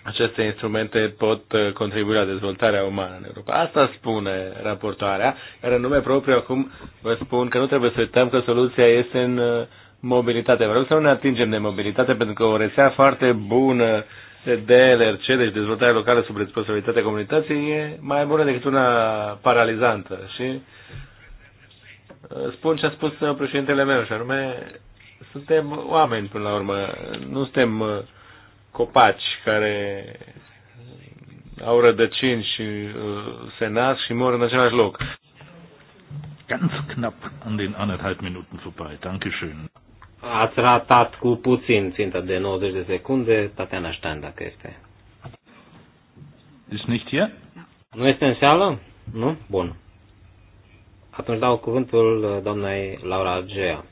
aceste instrumente pot uh, contribui la dezvoltarea umană în Europa. Asta spune raportoarea, iar în nume propriu acum vă spun că nu trebuie să uităm că soluția este în uh, mobilitate. Vreau să nu ne atingem de mobilitate, pentru că o rețea foarte bună de DLRC, deci dezvoltare locală sub responsabilitatea comunității, e mai bună decât una paralizantă. Și uh, spun ce a spus președintele meu, și anume, suntem oameni până la urmă, nu suntem copaci care au rădăcini și uh, se nasc și mor în același loc. Ganz knapp an den anderthalb Minuten vorbei. Dankeschön. Ați ratat cu puțin ținta de 90 de secunde, Tatiana Stein, dacă este. Ist nicht hier? Nu este în sală? Nu? Bun. Atunci dau cuvântul uh, doamnei Laura Gea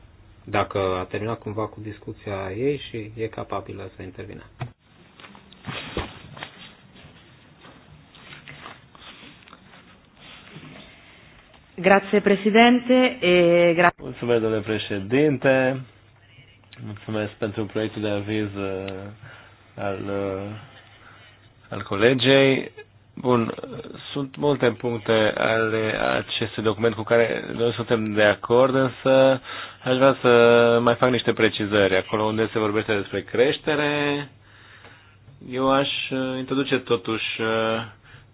dacă a terminat cumva cu discuția ei și e capabilă să intervină. Grazie Presidente e gra- Mulțumesc, domnule președinte. Mulțumesc pentru proiectul de aviz uh, al, uh, al colegei. Bun, sunt multe puncte ale acestui document cu care noi suntem de acord, însă aș vrea să mai fac niște precizări. Acolo unde se vorbește despre creștere, eu aș introduce totuși uh,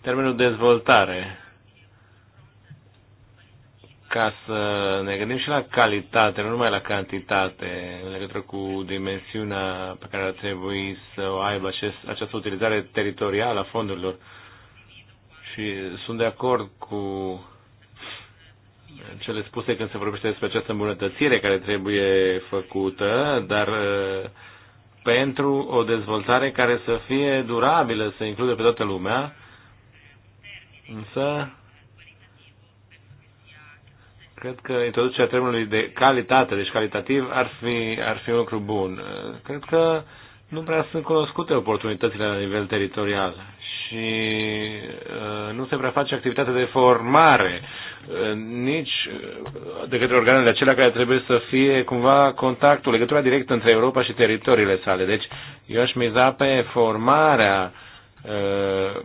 termenul dezvoltare ca să ne gândim și la calitate, nu numai la cantitate, în legătură cu dimensiunea pe care ar trebui să o aibă acest, această utilizare teritorială a fondurilor. Uh, și sunt de acord cu cele spuse când se vorbește despre această îmbunătățire care trebuie făcută, dar uh, pentru o dezvoltare care să fie durabilă, să includă pe toată lumea, însă cred că introducerea termenului de calitate, deci calitativ, ar fi, ar fi un lucru bun. Cred că nu prea sunt cunoscute oportunitățile la nivel teritorial și uh, nu se prea face activitate de formare uh, nici uh, de către organele acelea care trebuie să fie cumva contactul, legătura directă între Europa și teritoriile sale. Deci eu aș miza pe formarea uh,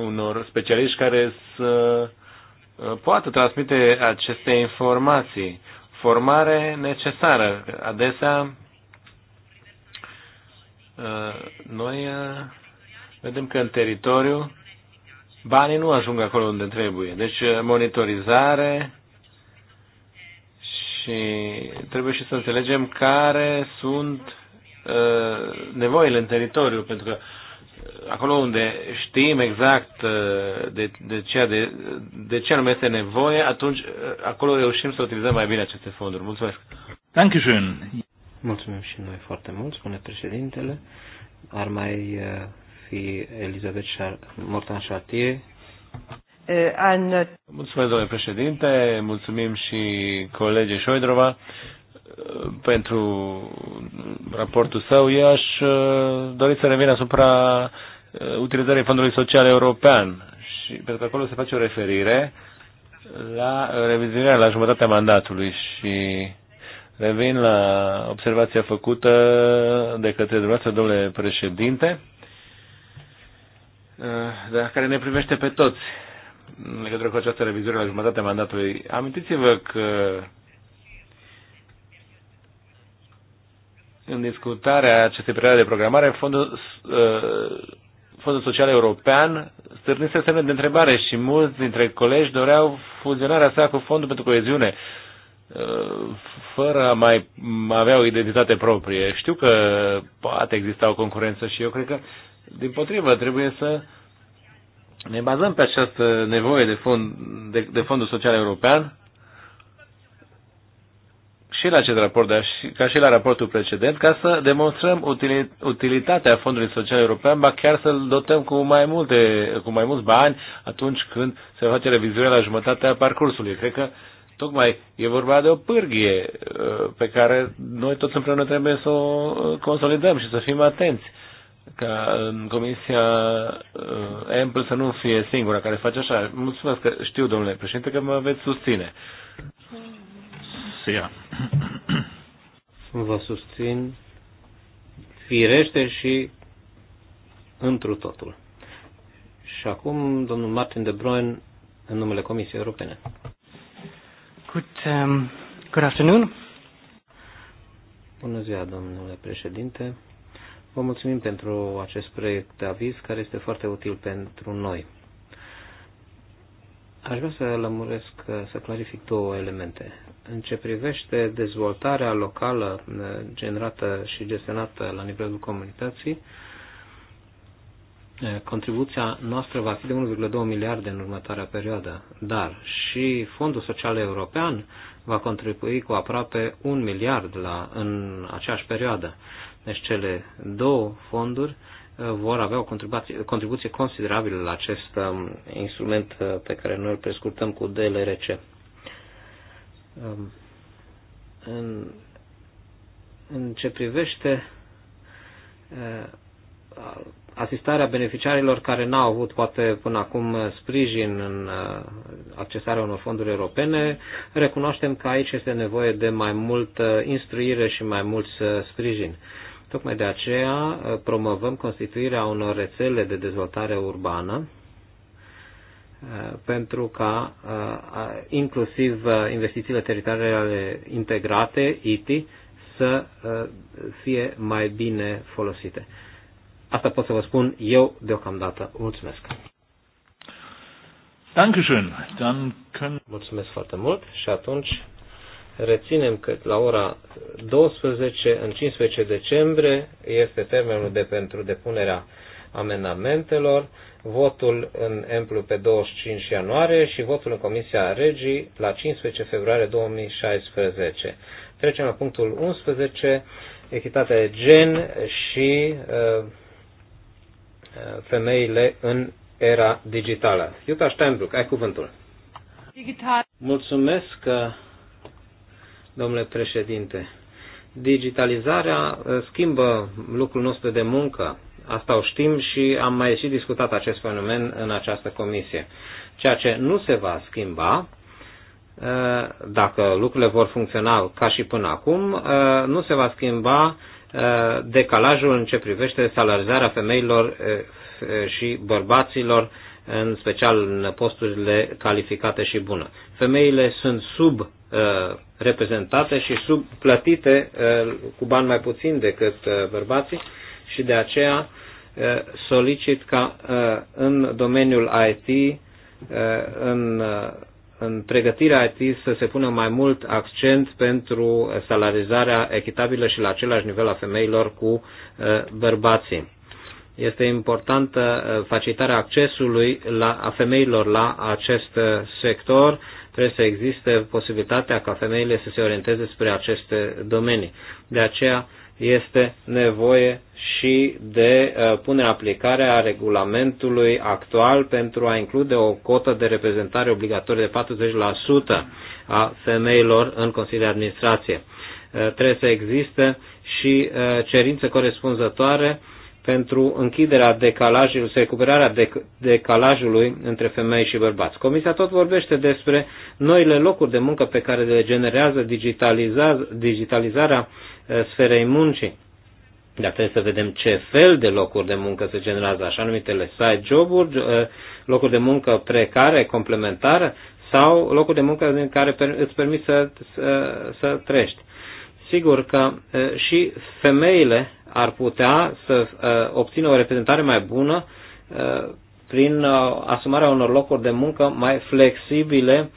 unor specialiști care să uh, poată transmite aceste informații. Formare necesară. Adesea uh, noi uh, vedem că în teritoriu banii nu ajung acolo unde trebuie. Deci uh, monitorizare și trebuie și să înțelegem care sunt uh, nevoile în teritoriu, pentru că uh, acolo unde știm exact uh, de, de, ce, de, de ce anume este nevoie, atunci acolo reușim să utilizăm mai bine aceste fonduri. Mulțumesc! Dankeschön! Mulțumim și noi foarte mult, spune președintele. Ar mai fi Elizabeth Mortan Chartier. Mulțumesc, domnule președinte, mulțumim și colegii Șoidrova pentru raportul său. Eu aș dori să revin asupra utilizării Fondului Social European și pentru că acolo se face o referire la revizuirea la jumătatea mandatului și revin la observația făcută de către dumneavoastră, domnule președinte, Eh, dar care ne privește pe toți în legătură cu această revizuire la jumătatea mandatului. Amintiți-vă că în discutarea acestei perioade de programare, fondul, eh, fondul Social European stârnise semne de întrebare și mulți dintre colegi doreau fuzionarea sa cu Fondul pentru Coeziune eh, fără a mai avea o identitate proprie. Știu că poate exista o concurență și eu cred că din potrivă, trebuie să ne bazăm pe această nevoie de, fond, de, de fondul social european și la acest raport, dar și, ca și la raportul precedent, ca să demonstrăm utilitatea Fondului Social European, ba chiar să-l dotăm cu mai, multe, cu mai mulți bani atunci când se face revizuirea la jumătatea parcursului. Cred că tocmai e vorba de o pârghie uh, pe care noi toți împreună trebuie să o uh, consolidăm și să fim atenți ca Comisia uh, Ample să nu fie singura care face așa. Mulțumesc că știu, domnule președinte, că mă veți susține. Să Vă susțin firește și întru totul. Și acum, domnul Martin de Bruin, în numele Comisiei Europene. Good, um, good afternoon. Bună ziua, domnule președinte. Vă mulțumim pentru acest proiect de aviz care este foarte util pentru noi. Aș vrea să lămuresc, să clarific două elemente. În ce privește dezvoltarea locală generată și gestionată la nivelul comunității, contribuția noastră va fi de 1,2 miliarde în următoarea perioadă, dar și Fondul Social European va contribui cu aproape 1 miliard la, în aceeași perioadă. Deci cele două fonduri uh, vor avea o contribuție, contribuție considerabilă la acest um, instrument uh, pe care noi îl prescurtăm cu DLRC. Um, în, în ce privește uh, asistarea beneficiarilor care n-au avut poate până acum sprijin în accesarea unor fonduri europene, recunoaștem că aici este nevoie de mai multă instruire și mai mult sprijin. Tocmai de aceea uh, promovăm constituirea unor rețele de dezvoltare urbană uh, pentru ca uh, inclusiv investițiile teritoriale integrate, ITI, să fie mai bine folosite. Asta pot să vă spun eu deocamdată. Mulțumesc! Dankeschön. Dann können... Mulțumesc foarte mult și atunci reținem că la ora 12, în 15 decembrie, este termenul de pentru depunerea amendamentelor, votul în Emplu pe 25 ianuarie și votul în Comisia Regii la 15 februarie 2016. Trecem la punctul 11, echitatea de gen și uh, uh, femeile în era digitală. Iuta Steinbrück, ai cuvântul. Digital. Mulțumesc, domnule președinte. Digitalizarea eh, schimbă lucrul nostru de muncă. Asta o știm și am mai și discutat acest fenomen în această comisie. Ceea ce nu se va schimba, eh, dacă lucrurile vor funcționa ca și până acum, eh, nu se va schimba decalajul în ce privește salarizarea femeilor și bărbaților, în special în posturile calificate și bună. Femeile sunt sub Uh, reprezentate și subplătite uh, cu bani mai puțin decât uh, bărbații și de aceea solicit ca în domeniul IT, în, în pregătirea IT să se pună mai mult accent pentru salarizarea echitabilă și la același nivel a femeilor cu bărbații. Este importantă facilitarea accesului la, a femeilor la acest sector, trebuie să existe posibilitatea ca femeile să se orienteze spre aceste domenii. De aceea este nevoie și de uh, punerea aplicare a regulamentului actual pentru a include o cotă de reprezentare obligatorie de 40% a femeilor în Consiliul de Administrație. Uh, trebuie să existe și uh, cerințe corespunzătoare pentru închiderea decalajului, recuperarea decalajului între femei și bărbați. Comisia tot vorbește despre noile locuri de muncă pe care le generează digitalizarea sferei muncii. Dar trebuie să vedem ce fel de locuri de muncă se generează, așa numitele side joburi, locuri de muncă precare, complementare sau locuri de muncă din care îți permit să, să, să trăiești. Sigur că și femeile ar putea să uh, obțină o reprezentare mai bună uh, prin uh, asumarea unor locuri de muncă mai flexibile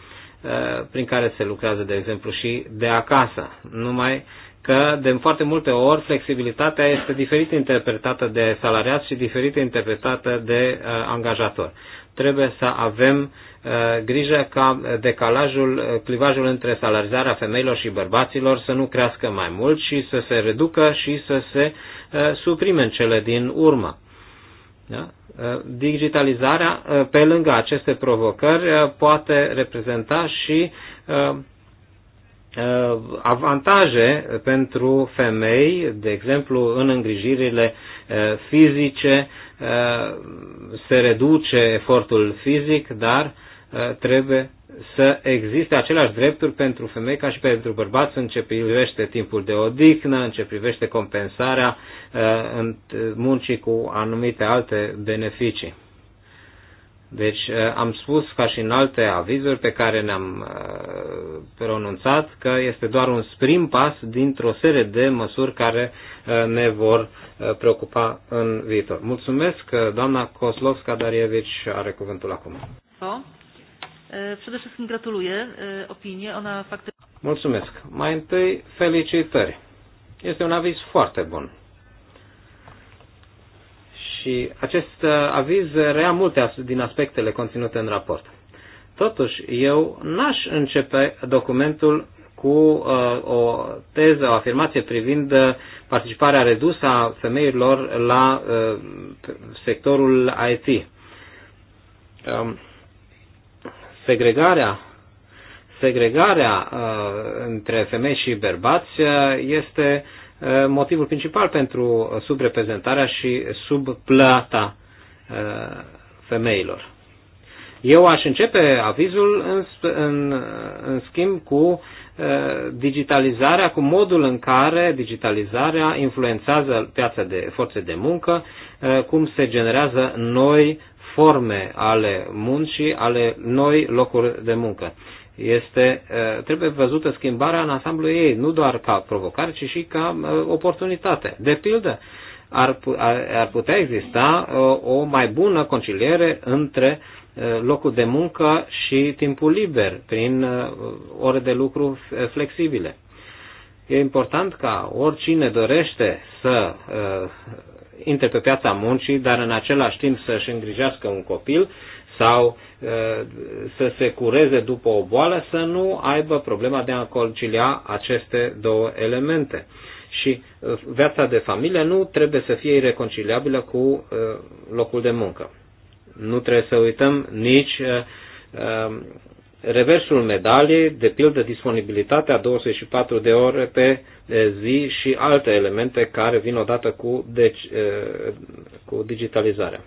prin care se lucrează, de exemplu, și de acasă. Numai că de foarte multe ori flexibilitatea este diferit interpretată de salariat și diferit interpretată de uh, angajator. Trebuie să avem Eh, grijă ca decalajul, eh, clivajul între salarizarea femeilor și bărbaților să nu crească mai mult și să se reducă și să se eh, suprime în cele din urmă. Da? Digitalizarea, pe lângă aceste provocări, poate reprezenta și avantaje pentru femei, de exemplu, în îngrijirile fizice se reduce efortul fizic, dar Eh, trebuie să existe aceleași drepturi pentru femei ca și pentru bărbați în ce privește timpul de odihnă, în ce privește compensarea eh, în muncii cu anumite alte beneficii. Deci eh, am spus ca și în alte avizuri pe care ne-am pronunțat că este doar un prim pas dintr-o serie de măsuri care ne vor preocupa în viitor. Mulțumesc, doamna Koslovska Darievici are cuvântul acum. So? Przede wszystkim gratuluję opinii. Ona faktycznie. Mulțumesc. Mai întâi, felicitări. Este un aviz foarte bun. Și acest uh, aviz rea multe din aspectele conținute în raport. Totuși, eu n-aș începe documentul cu uh, o teză, o afirmație privind uh, participarea redusă a femeilor la uh, sectorul IT. Um, segregarea segregarea uh, între femei și bărbați uh, este uh, motivul principal pentru subreprezentarea și subplata uh, femeilor. Eu aș începe avizul în, în, în schimb cu uh, digitalizarea, cu modul în care digitalizarea influențează piața de forțe de muncă, uh, cum se generează noi forme ale muncii, ale noi locuri de muncă. Este, eh, trebuie văzută schimbarea în ansamblu ei, nu doar ca provocare, ci și ca eh, oportunitate. De pildă, ar, ar, ar putea exista eh, o mai bună conciliere între locul de muncă și timpul liber, prin ore de lucru flexibile. E important ca oricine dorește să intre pe piața muncii, dar în același timp să-și îngrijească un copil sau uh, să se cureze după o boală, să nu aibă problema de a concilia aceste două elemente. Și uh, viața de familie nu trebuie să fie irreconciliabilă cu uh, locul de muncă. Nu trebuie să uităm nici reversul medaliei, de pildă disponibilitatea 24 de ore pe eh, zi și alte elemente care vin odată cu, deci, eh, cu digitalizarea.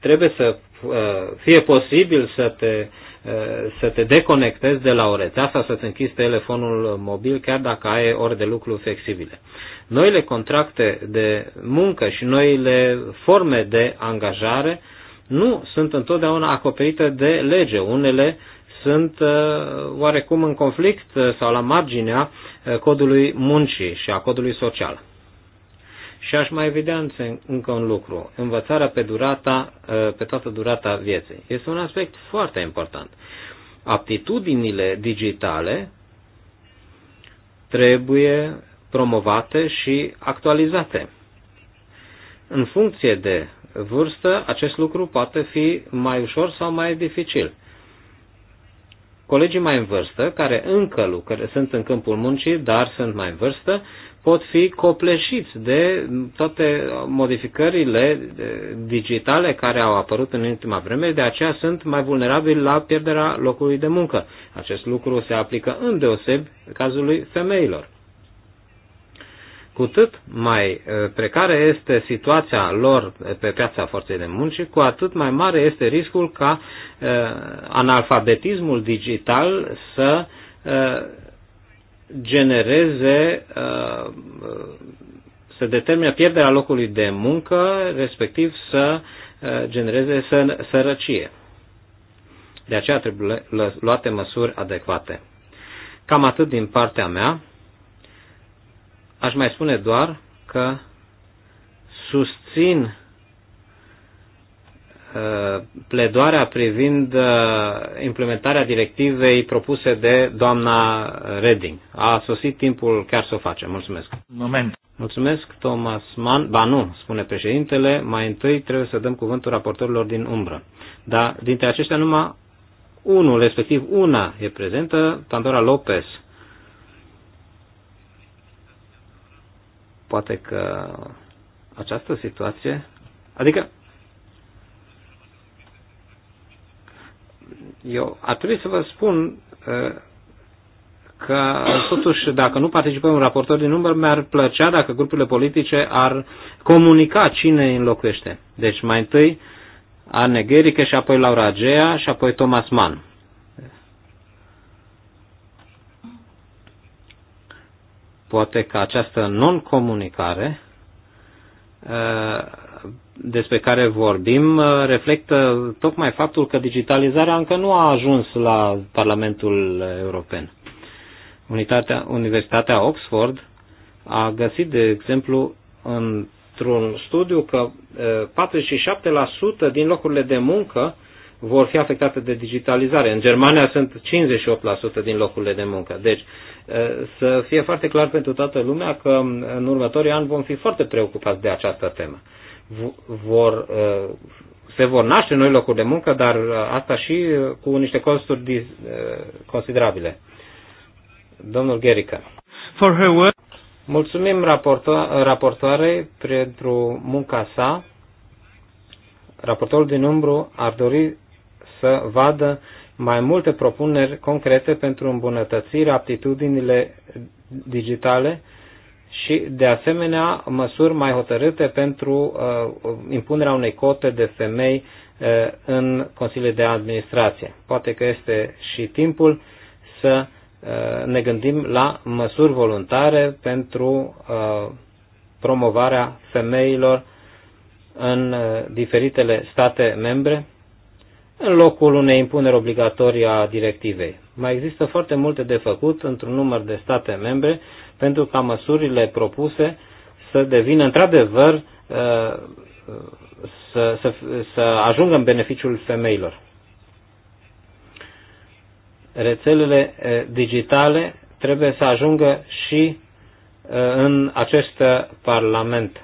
Trebuie să eh, fie posibil să te, să te deconectezi de la o rețea sau să-ți închizi telefonul mobil chiar dacă ai ore de lucru flexibile. Noile contracte de muncă și noile forme de angajare uh, nu sunt întotdeauna acoperite de lege. Unele sunt uh, oarecum în conflict uh, sau la marginea uh, codului muncii și a codului social. Și aș mai evident încă un lucru, învățarea pe, durata, pe toată durata vieții. Este un aspect foarte important. Aptitudinile digitale trebuie promovate și actualizate. În funcție de vârstă, acest lucru poate fi mai ușor sau mai dificil. Colegii mai în vârstă, care încă lucră, sunt în câmpul muncii, dar sunt mai în vârstă, pot fi copleșiți de toate modificările digitale care au apărut în ultima vreme, de aceea sunt mai vulnerabili la pierderea locului de muncă. Acest lucru se aplică îndeoseb cazului femeilor cu cât mai uh, precară este situația lor pe piața forței de muncă, cu atât mai mare este riscul ca uh, analfabetismul digital să uh, genereze, să determine pierderea locului de muncă, respectiv să genereze sărăcie. De aceea trebuie luate măsuri adecvate. Cam atât din partea mea. Aș mai spune doar că susțin uh, pledoarea privind uh, implementarea directivei propuse de doamna Reding. A sosit timpul chiar să o facem. Mulțumesc. Moment. Mulțumesc, Thomas Mann. Ba nu, spune președintele, mai întâi trebuie să dăm cuvântul raportorilor din umbră. Dar dintre aceștia numai unul, respectiv una, e prezentă, Pandora Lopez. Poate că această situație, adică eu ar trebui să vă spun uh, că totuși dacă nu participăm în raportori din număr, mi-ar plăcea dacă grupurile politice ar comunica cine îi înlocuiește. Deci mai întâi Anne Gherică și apoi Laura Agea și apoi Thomas Mann. Poate că această non-comunicare despre care vorbim reflectă tocmai faptul că digitalizarea încă nu a ajuns la Parlamentul European. Unitatea, Universitatea Oxford a găsit, de exemplu, într-un studiu că 47% din locurile de muncă vor fi afectate de digitalizare. În Germania sunt 58% din locurile de muncă. Deci, să fie foarte clar pentru toată lumea că în următorii ani vom fi foarte preocupați de această temă. Vor, se vor naște noi locuri de muncă, dar asta și cu niște costuri considerabile. Domnul Gherica. For her work. Mulțumim raporto- raportoarei pentru munca sa. Raportorul din umbru ar dori să vadă mai multe propuneri concrete pentru îmbunătățirea aptitudinile digitale și, de asemenea, măsuri mai hotărâte pentru uh, impunerea unei cote de femei uh, în Consiliul de Administrație. Poate că este și timpul să uh, ne gândim la măsuri voluntare pentru uh, promovarea femeilor în uh, diferitele state membre în locul unei impuneri obligatorii a directivei. Mai există foarte multe de făcut într-un număr de state membre pentru ca măsurile propuse să devină într-adevăr uh, să, să, să ajungă în beneficiul femeilor. Rețelele uh, digitale trebuie să ajungă și uh, în acest Parlament.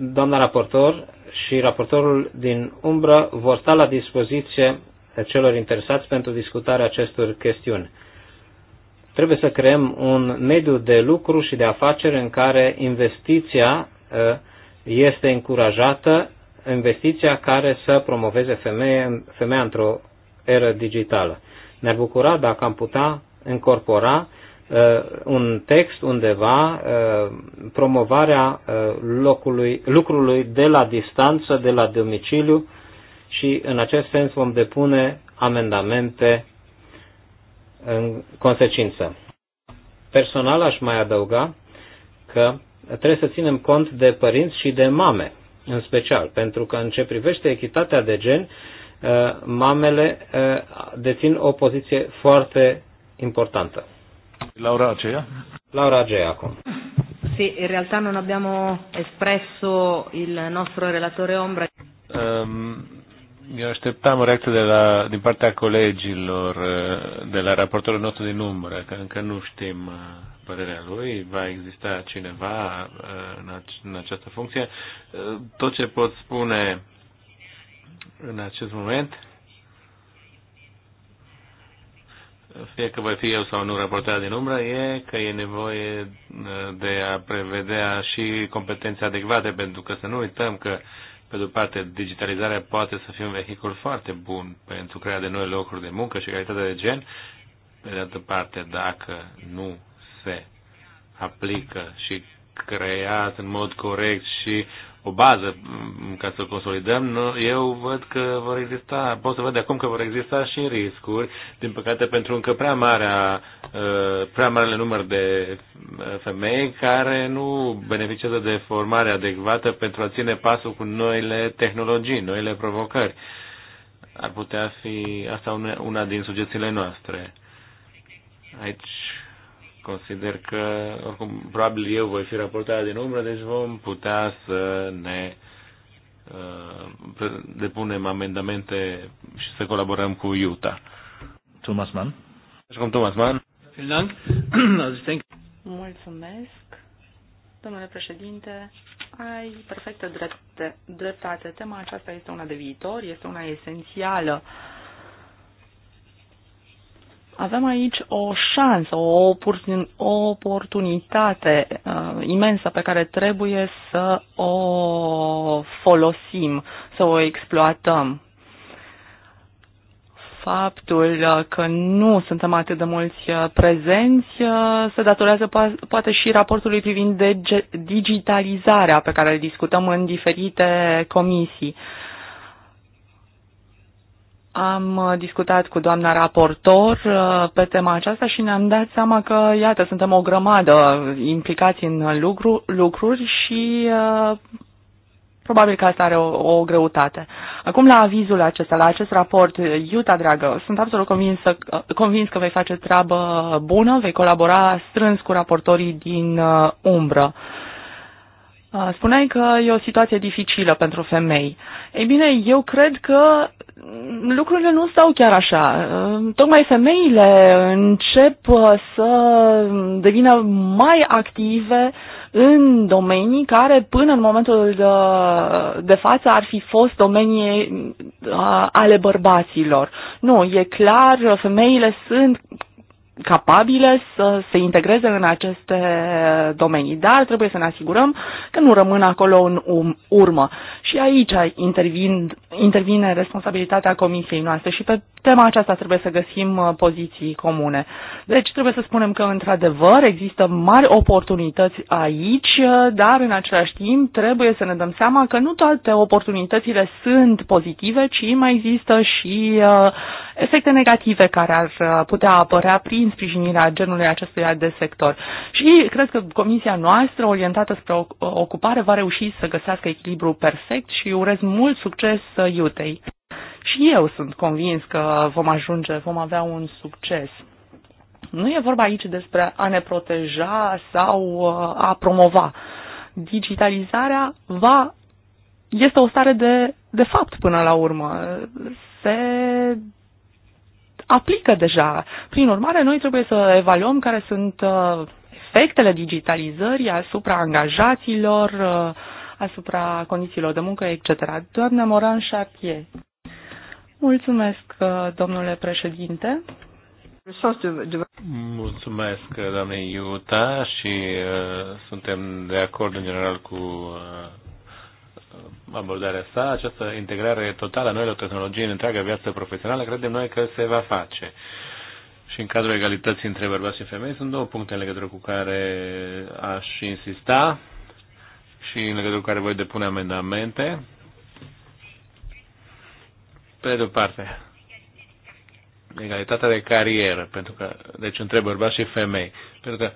doamna raportor și raportorul din umbră vor sta la dispoziție celor interesați pentru discutarea acestor chestiuni. Trebuie să creăm un mediu de lucru și de afaceri în care investiția uh, este încurajată, investiția care să promoveze femeie, femeia într-o eră digitală. Ne-ar bucura dacă am putea incorpora Uh, un text undeva uh, promovarea uh, locului, lucrului de la distanță, de la domiciliu și în acest sens vom depune amendamente în consecință. Personal aș mai adăuga că trebuie să ținem cont de părinți și de mame, în special, pentru că în ce privește echitatea de gen, mamele dețin o poziție foarte importantă. Laura Agea. Laura Agea acum. Sì, in realtà non abbiamo espresso il nostro relatore Ombra. Um, ehm, eu așteptam o reacție de la, din partea colegilor, eh, de la raportorul nostru din umbră, că încă nu știm eh, părerea lui, va exista cineva eh, în această funcție. Tot ce pot spune în acest moment fie că voi fi eu sau nu raportat din umbră, e că e nevoie uh, de a prevedea și competențe adecvate, pentru că să nu uităm că, pe de-o parte, digitalizarea poate să fie un vehicul foarte bun pentru crearea de noi locuri de muncă și calitatea de gen, pe de altă parte, dacă nu se aplică și creat în mod corect și o bază mm, ca să o consolidăm, eu văd că vor exista, pot să văd de acum că vor exista și riscuri, din păcate pentru încă prea, mare, uh, prea marele număr de uh, femei care nu beneficiază de formare adecvată pentru a ține pasul cu noile tehnologii, noile provocări. Ar putea fi asta una din sugestiile noastre. Aici consider că, oricum, probabil eu voi fi raportarea din umbră, deci vom putea să ne uh, depunem amendamente și să colaborăm cu Iuta. Thomas Mann. Așa cum Thomas Mann. Mulțumesc. Domnule președinte, ai perfectă dreptate. Tema aceasta este una de viitor, este una esențială avem aici o șansă, o oportunitate uh, imensă pe care trebuie să o folosim, să o exploatăm faptul uh, că nu suntem atât de mulți uh, prezenți uh, se datorează poate și raportului privind digitalizarea pe care îl discutăm în diferite comisii. Am uh, discutat cu doamna raportor uh, pe tema aceasta și ne-am dat seama că, iată, suntem o grămadă implicați în lucru, lucruri și uh, probabil că asta are o, o greutate. Acum la avizul acesta, la acest raport, Iuta, dragă, sunt absolut convins, convins că vei face treabă bună, vei colabora strâns cu raportorii din umbră. Uh, Uh, spuneai că e o situație dificilă pentru femei. Ei bine, eu cred că lucrurile nu stau chiar așa. Uh, tocmai femeile încep uh, să devină mai active în domenii care până în momentul de, de față ar fi fost domenii ale bărbaților. Nu, e clar, femeile sunt capabile să se integreze în aceste domenii, dar trebuie să ne asigurăm că nu rămân acolo în um- urmă. Și aici intervin, intervine responsabilitatea comisiei noastre și pe tema aceasta trebuie să găsim uh, poziții comune. Deci trebuie să spunem că într-adevăr există mari oportunități aici, uh, dar în același timp trebuie să ne dăm seama că nu toate oportunitățile sunt pozitive, ci mai există și uh, efecte negative care ar uh, putea apărea prin sprijinirea genului acestuia de sector. Și cred că comisia noastră, orientată spre ocupare, va reuși să găsească echilibru perfect și urez mult succes uh, Iutei. Și eu sunt convins că vom ajunge, vom avea un succes. Nu e vorba aici despre a ne proteja sau uh, a promova. Digitalizarea va este o stare de, de fapt până la urmă. Se aplică deja. Prin urmare, noi trebuie să evaluăm care sunt uh, efectele digitalizării asupra angajaților, uh, asupra condițiilor de muncă, etc. Doamna Moran Chartier. Mulțumesc, uh, domnule președinte. Mulțumesc, doamne Iuta, și uh, suntem de acord în general cu uh, abordarea sa, această integrare totală a noilor tehnologii în întreaga viață profesională, credem noi că se va face. Și în cadrul egalității între bărbați și femei sunt două puncte în legătură cu care aș insista și în legătură cu care voi depune amendamente. Pe de o parte, egalitatea de carieră, pentru că, deci între bărbați și femei, pentru că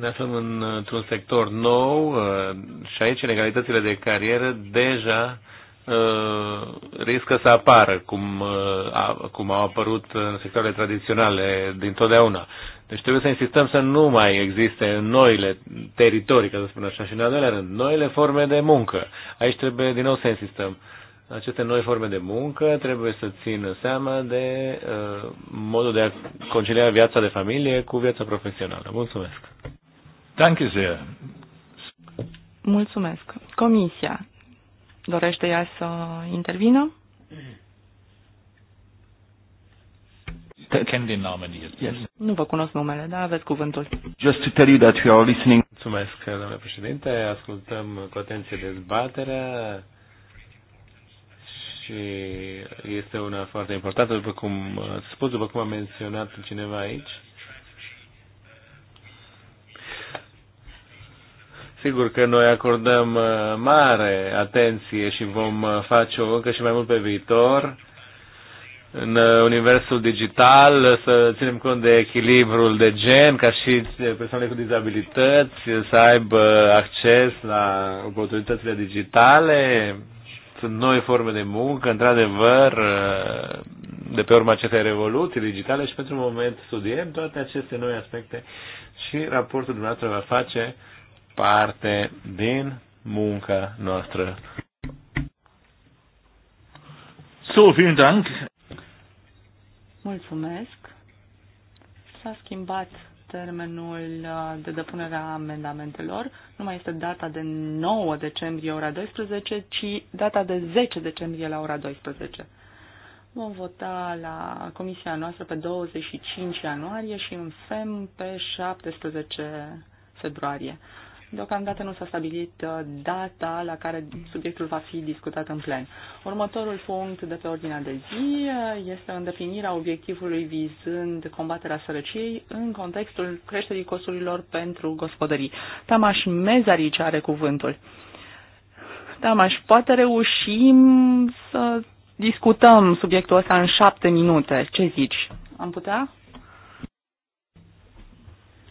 ne aflăm într-un sector nou uh, și aici inegalitățile de carieră deja uh, riscă să apară cum, uh, cum au apărut în sectoarele tradiționale din totdeauna. Deci trebuie să insistăm să nu mai existe noile teritorii, ca să spun așa, și în al doilea rând, noile forme de muncă. Aici trebuie din nou să insistăm aceste noi forme de muncă trebuie să țină seama de uh, modul de a concilia viața de familie cu viața profesională. Mulțumesc! Thank you, sir. Mulțumesc! Comisia dorește ea să intervină? Nu vă cunosc numele, dar aveți cuvântul. Just to tell you that we are listening. Mulțumesc, domnule președinte. Ascultăm cu atenție dezbaterea și este una foarte importantă, după cum ați spus, după cum a menționat cineva aici. Sigur că noi acordăm uh, mare atenție și vom uh, face-o încă și mai mult pe viitor în uh, universul digital, să ținem cont de echilibrul de gen, ca și persoanele cu dizabilități să aibă acces la oportunitățile digitale, sunt noi forme de muncă, într-adevăr, de pe urma acestei revoluții digitale și pentru un moment studiem toate aceste noi aspecte și raportul dumneavoastră va face parte din munca noastră. So, vielen Dank. Mulțumesc. S-a schimbat termenul uh, de depunere a amendamentelor nu mai este data de 9 decembrie ora 12, ci data de 10 decembrie la ora 12. Vom vota la comisia noastră pe 25 ianuarie și în FEM pe 17 februarie. Deocamdată nu s-a stabilit uh, data la care subiectul va fi discutat în plen. Următorul punct de pe ordinea de zi uh, este îndefinirea obiectivului vizând combaterea sărăciei în contextul creșterii costurilor pentru gospodării. Tamaș Mezarici are cuvântul. Tamaș, poate reușim să discutăm subiectul ăsta în șapte minute. Ce zici? Am putea?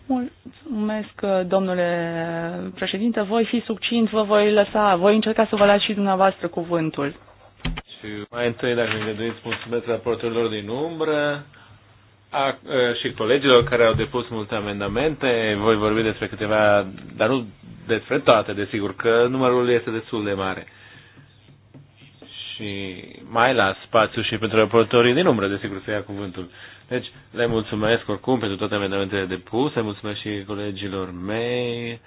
Mulțumesc, domnule președinte. Voi fi succint, vă voi lăsa, voi încerca să vă las și dumneavoastră cuvântul. Și mai întâi, dacă ne gândiți, mulțumesc raportorilor din umbră a, și colegilor care au depus multe amendamente. Voi vorbi despre câteva, dar nu despre toate, desigur, că numărul este destul de mare și mai las spațiu și pentru raportorii din umbră, desigur, să ia cuvântul. Deci, le mulțumesc oricum pentru toate amendamentele depuse, mulțumesc și colegilor mei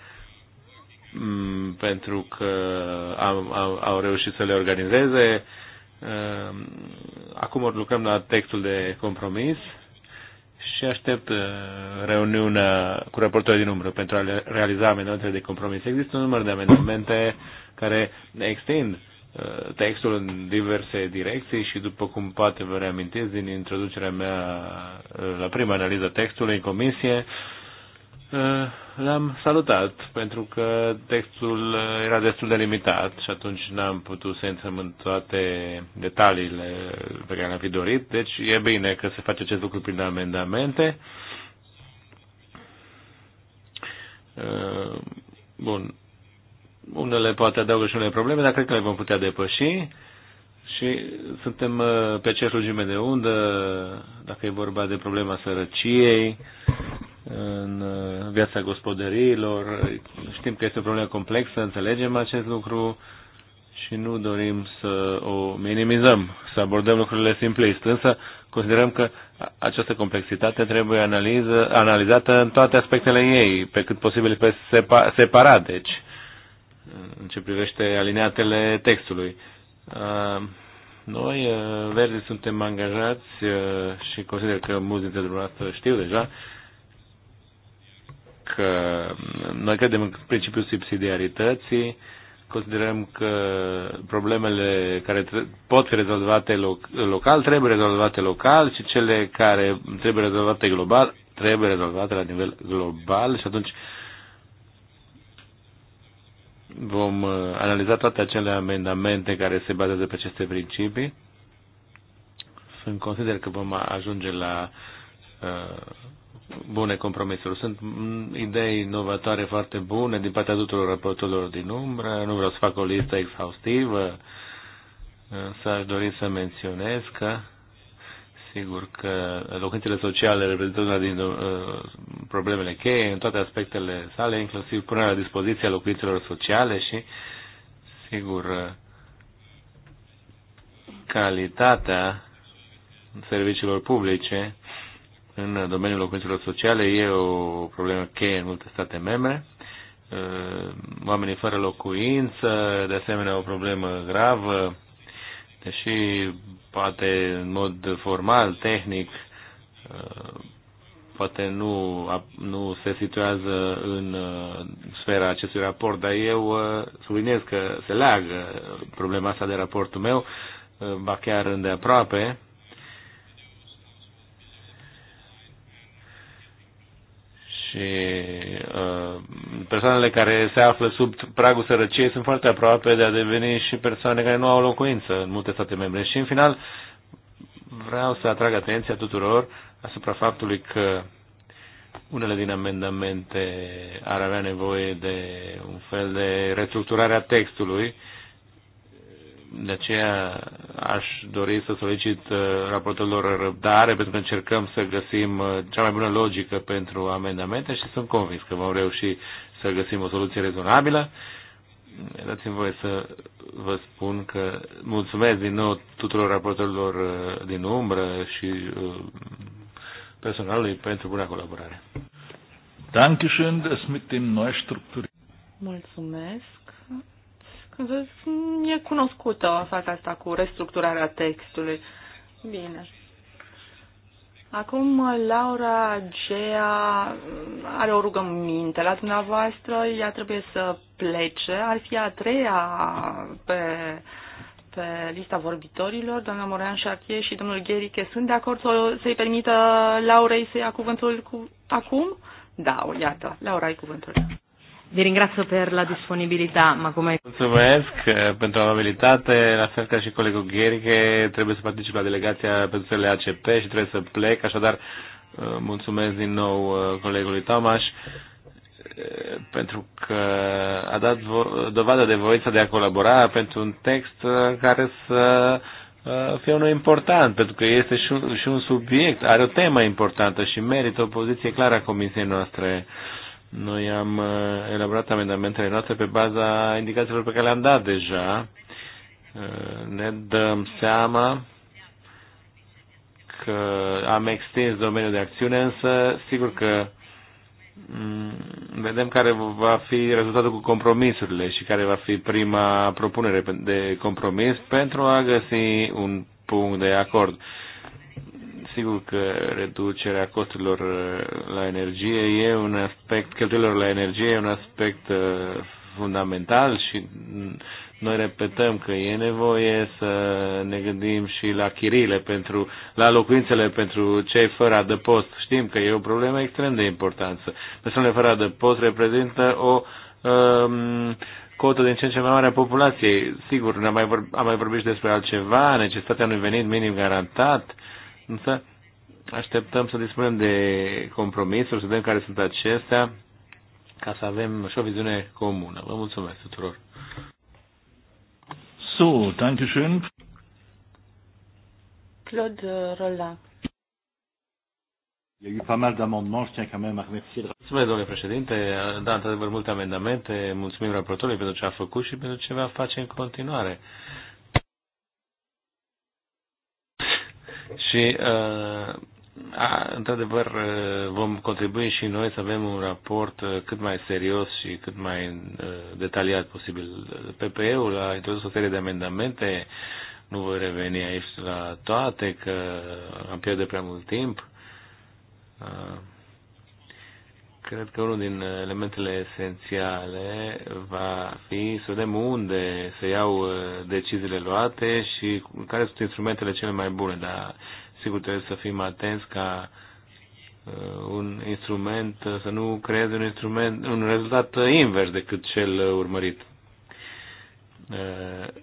mm, pentru că au, au, au reușit să le organizeze. Mm, acum ori lucrăm la textul de compromis și aștept mm, reuniunea cu raportorii din umbră pentru a realiza amendamentele de compromis. Există un număr de amendamente care extind textul în diverse direcții și după cum poate vă reamintesc din introducerea mea uh, la prima analiză textului în comisie, uh, l-am salutat pentru că textul era destul de limitat și atunci n-am putut să intrăm în toate detaliile pe care le-am fi dorit, deci e bine că se face acest lucru prin amendamente. Uh, bun, unele poate adaugă și unele probleme, dar cred că le vom putea depăși și suntem uh, pe cer lungime de undă, dacă e vorba de problema sărăciei, în uh, viața gospodăriilor. Știm că este o problemă complexă, înțelegem acest lucru și nu dorim să o minimizăm, să abordăm lucrurile simplist. Însă considerăm că această complexitate trebuie analiză, analizată în toate aspectele ei, pe cât posibil pe separat, deci Uh, în ce privește alineatele textului. Uh, noi, uh, Verzi, suntem angajați și consider că mulți dintre dumneavoastră știu deja că noi credem în principiul subsidiarității, considerăm că problemele care pot fi rezolvate local trebuie rezolvate local și cele care trebuie rezolvate global trebuie rezolvate la nivel global și atunci uh, vom uh, analiza toate acele amendamente care se bazează pe aceste principii. Sunt consider că vom ajunge la uh, bune compromisuri. Sunt mm, idei inovatoare foarte bune din partea tuturor raportorilor din umbră. Nu vreau să fac o listă exhaustivă, să aș dori să menționez că Sigur că locuințele sociale reprezintă una din uh, problemele cheie în toate aspectele sale, inclusiv punerea la dispoziție a locuințelor sociale și, sigur, uh, calitatea serviciilor publice în domeniul locuințelor sociale e o problemă cheie în multe state membre. Uh, oamenii fără locuință, de asemenea, o problemă gravă și poate în mod formal, tehnic, uh, poate nu, nu se situează în uh, sfera acestui raport, dar eu uh, subliniez că se leagă problema asta de raportul meu, ba chiar îndeaproape, și uh, persoanele care se află sub pragul sărăciei sunt foarte aproape de a deveni și persoane care nu au locuință în multe state membre. Și în final vreau să atrag atenția tuturor asupra faptului că unele din amendamente ar avea nevoie de un fel de restructurare a textului de aceea aș dori să solicit uh, raportorilor răbdare pentru că încercăm să găsim uh, cea mai bună logică pentru amendamente și sunt convins că vom reuși să găsim o soluție rezonabilă. Dați-mi voie să vă spun că mulțumesc din nou tuturor raportorilor uh, din umbră și personalului pentru buna colaborare. Mulțumesc e cunoscută faza asta cu restructurarea textului. Bine. Acum, Laura Gea are o rugăminte la dumneavoastră, ea trebuie să plece, ar fi a treia pe, pe lista vorbitorilor, doamna Morean Șartie și domnul Gheriche sunt de acord să, să-i permită Laurei să ia cuvântul cu, acum? Da, iată, Laura ai cuvântul. Vi ringrazio per la disponibilità, ma come... Mulțumesc eh, pentru amabilitate, la fel ca și colegul Gheri, trebuie să participe la delegația pentru le ACP și trebuie să plec, așadar eh, mulțumesc din nou eh, colegului Tomaș pentru că a dat dovadă de voință de a colabora pentru un text care să fie unul important, pentru că este și un, și un subiect, are o temă importantă și merită o poziție clară a comisiei noastre. Noi am uh, elaborat amendamentele noastre pe baza indicațiilor pe care le-am dat deja. Uh, ne dăm seama că am extins domeniul de acțiune, însă sigur că mm, vedem care va fi rezultatul cu compromisurile și care va fi prima propunere de compromis pentru a găsi un punct de acord. Sigur că reducerea costurilor la energie e un aspect, cheltuielor la energie e un aspect uh, fundamental și noi repetăm că e nevoie să ne gândim și la chirile pentru, la locuințele pentru cei fără adăpost. Știm că e o problemă extrem de importantă. Persoanele fără adăpost reprezintă o um, cotă din ce în ce mai mare a populației. Sigur, am mai, am mai vorbit și despre altceva, necesitatea unui venit minim garantat, uh, Însă așteptăm să dispunem de compromisuri, să vedem care sunt acestea, ca să avem și o viziune comună. Vă mulțumesc tuturor! So, danke schön. Claude uh, Rolla. Il y a eu pas mal d'amendements, je tiens quand même à remercier le Mulțumesc, domnule președinte. Da, într-adevăr, multe amendamente. Mulțumim raportorului pentru ce a făcut și pentru ce va face în continuare. Și, uh, într-adevăr, uh, vom contribui și noi să avem un raport uh, cât mai serios și cât mai detaliat posibil. PPE-ul a introdus o serie de amendamente, nu voi reveni aici la toate, că am pierdut prea mult timp. Cred că unul din elementele esențiale va fi să vedem unde se iau uh, deciziile luate și care sunt instrumentele cele mai bune, dar sigur trebuie să fim atenți ca uh, un instrument, uh, să nu creeze un instrument, un rezultat invers decât cel urmărit.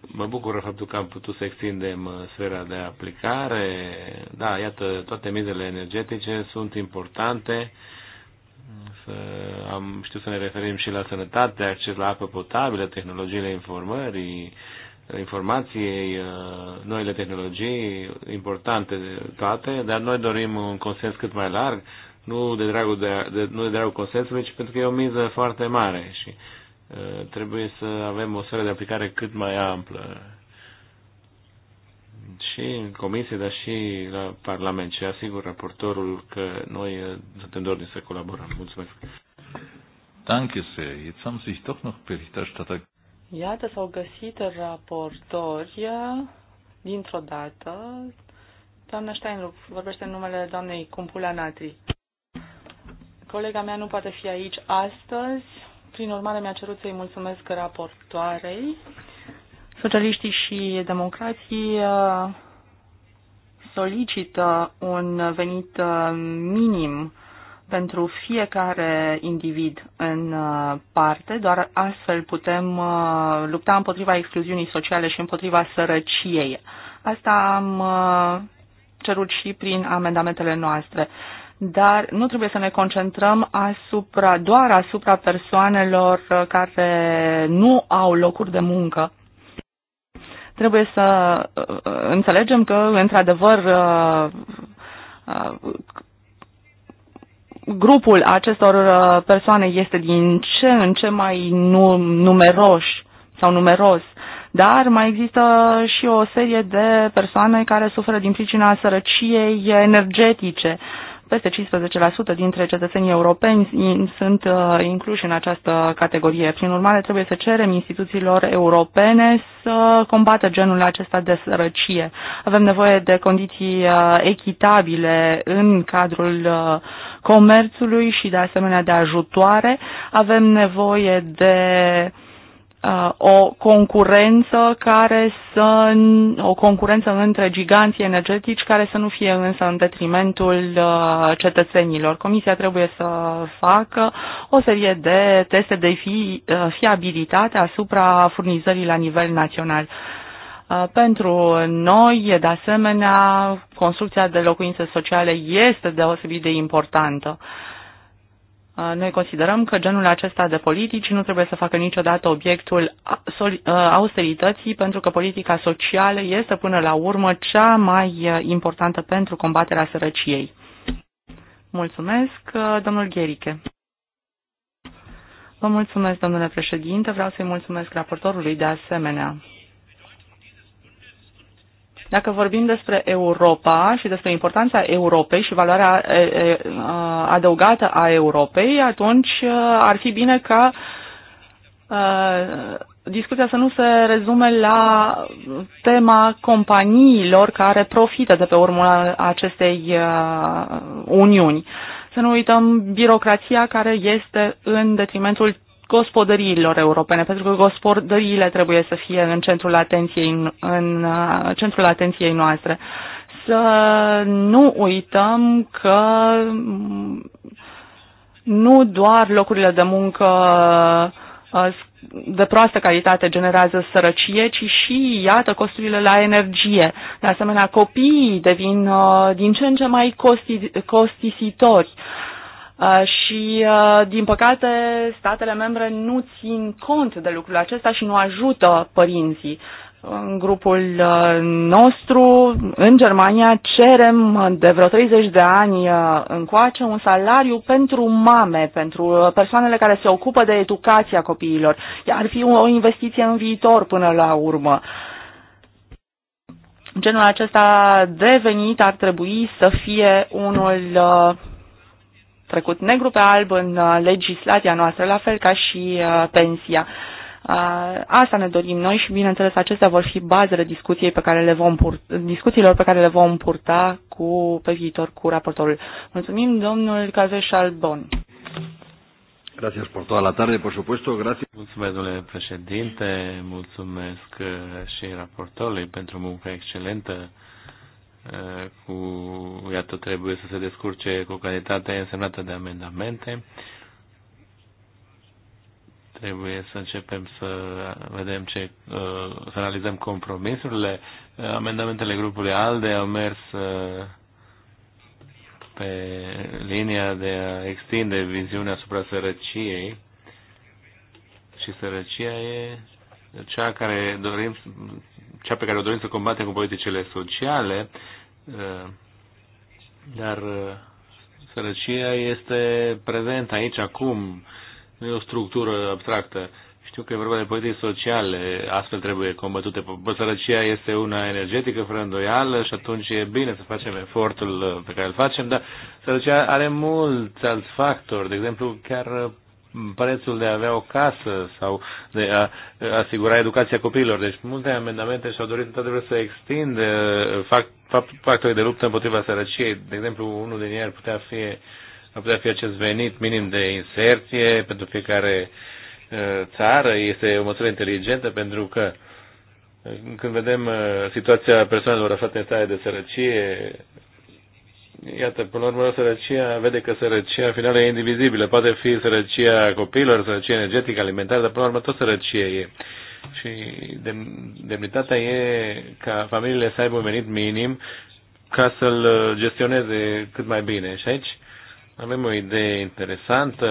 Mă bucură faptul că am putut să extindem sfera de aplicare. Da, iată, toate mizele energetice sunt importante să am, știu să ne referim și la sănătate, acces la apă potabilă, tehnologiile informării, informației, uh, noile tehnologii, importante toate, dar noi dorim un consens cât mai larg, nu de dragul, de, de, nu de dragul consensului, ci pentru că e o miză foarte mare și uh, trebuie să avem o sferă de aplicare cât mai amplă și în comisie, dar și la Parlament și asigur raportorul că noi eh, suntem dorni să colaborăm. Mulțumesc! Danke sehr. Jetzt haben sich doch noch Berichterstatter. Iată, s-au găsit raportori eh, dintr-o dată. Doamna Steinruck vorbește în numele doamnei Cumpula Natri. Colega mea nu poate fi aici astăzi, prin urmare mi-a cerut să-i mulțumesc raportoarei Socialiștii și democrații uh, solicită un venit uh, minim pentru fiecare individ în uh, parte, doar astfel putem lupta împotriva excluziunii sociale și împotriva sărăciei. Asta am cerut și prin amendamentele noastre. Dar nu trebuie să ne concentrăm asupra, doar asupra persoanelor care nu au locuri de muncă Trebuie să uh, înțelegem că, într-adevăr, uh, uh, grupul acestor persoane este din ce în ce mai numeroși sau numeros, dar mai există și o serie de persoane care suferă din pricina sărăciei energetice, uh, peste 15% dintre cetățenii europeni sunt uh, incluși în această categorie. Prin urmare, trebuie să cerem instituțiilor europene să combată genul acesta de sărăcie. Avem nevoie de condiții uh, echitabile în cadrul uh, comerțului și, de asemenea, de ajutoare. Avem nevoie de Uh, o concurență care să o concurență între giganții energetici care să nu fie însă în detrimentul uh, cetățenilor. Comisia trebuie să facă o serie de teste de fi, uh, fiabilitate asupra furnizării la nivel național. Pentru noi, de asemenea, construcția de locuințe sociale este deosebit de importantă. Uh, noi considerăm că genul acesta de politici nu trebuie să facă niciodată obiectul austerității, pentru că politica socială este până la urmă cea mai importantă pentru combaterea sărăciei. Mulțumesc, domnul Gherike. Vă mulțumesc, domnule președinte. Vreau să-i mulțumesc raportorului de asemenea. Dacă vorbim despre Europa și despre importanța Europei și valoarea adăugată a Europei, atunci ar fi bine ca discuția să nu se rezume la tema companiilor care profită de pe urma acestei uniuni. Să nu uităm birocrația care este în detrimentul gospodăriilor europene, pentru că gospodăriile trebuie să fie în centrul atenției, în uh, centrul atenției noastre. Să nu uităm că mm, nu doar locurile de muncă uh, de proastă calitate generează sărăcie, ci și, iată, costurile la energie. De asemenea, copiii devin uh, din ce în ce mai costi, costisitori și, din păcate, statele membre nu țin cont de lucrul acesta și nu ajută părinții. În grupul nostru, în Germania, cerem de vreo 30 de ani încoace un salariu pentru mame, pentru persoanele care se ocupă de educația copiilor. Ar fi o investiție în viitor până la urmă genul acesta de venit ar trebui să fie unul trecut negru pe alb în uh, legislația noastră, la fel ca și uh, pensia. Uh, asta ne dorim noi și, bineînțeles, acestea vor fi bazele discuției pe care le vom purta, discuțiilor pe care le vom purta cu, pe viitor cu raportorul. Mulțumim, domnul Cazeș Albon. Gracias por toda la tarde, por supuesto. Gracias. Mulțumesc, domnule președinte. Mulțumesc și raportorului pentru munca excelentă cu, iată, trebuie să se descurce cu calitatea calitate însemnată de amendamente. Trebuie să începem să vedem ce, uh, să analizăm compromisurile. Amendamentele grupului ALDE au mers uh, pe linia de a extinde viziunea asupra sărăciei și sărăcia e cea care dorim cea pe care o dorim să combatem cu politicile sociale, eh, dar eh, sărăcia este prezentă aici, acum, nu e o structură abstractă. Știu că e vorba de politici sociale, astfel trebuie combătute. Sărăcia este una energetică, fără îndoială, și atunci e bine să facem efortul eh, pe care îl facem, dar sărăcia are mulți alți factori, de exemplu, chiar prețul de a avea o casă sau de a asigura educația copiilor. Deci multe amendamente și-au dorit într-adevăr să extind uh, factorii de luptă împotriva sărăciei. De exemplu, unul din ei ar putea fi, ar putea fi acest venit minim de inserție pentru fiecare uh, țară. Este o măsură inteligentă pentru că uh, când vedem situația persoanelor aflate în stare de sărăcie, Iată, până la urmă, sărăcia, vede că sărăcia în final e indivizibilă. Poate fi sărăcia copiilor, sărăcia energetică, alimentară, dar până la urmă tot sărăcie e. Și demnitatea e ca familiile să aibă un venit minim ca să-l gestioneze cât mai bine. Și aici avem o idee interesantă.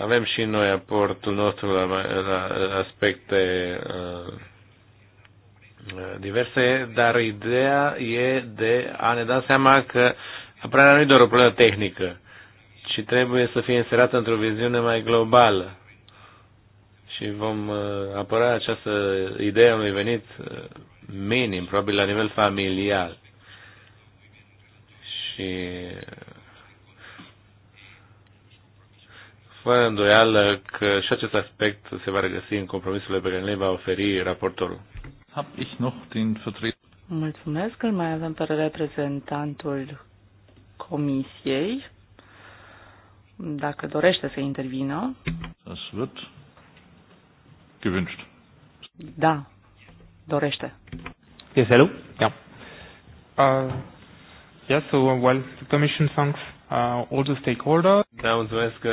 Avem și noi aportul nostru la, la aspecte uh, diverse, dar ideea e de a ne da seama că apărarea nu e doar o problemă tehnică, ci trebuie să fie inserată într-o viziune mai globală. Și vom uh, apăra această idee a unui venit uh, minim, probabil la nivel familial. Și uh, fără îndoială că și acest aspect se va regăsi în compromisurile pe care le va oferi raportorul. Hab ich noch den Vertreter. Mulțumesc, îl mai avem pe reprezentantul comisiei, dacă dorește să intervină. Das wird gewünscht. Da, dorește. Yes, hello? Yeah. Uh, yeah, so uh, well, the Commission thanks uh, all the stakeholders. Da, mulțumesc, uh,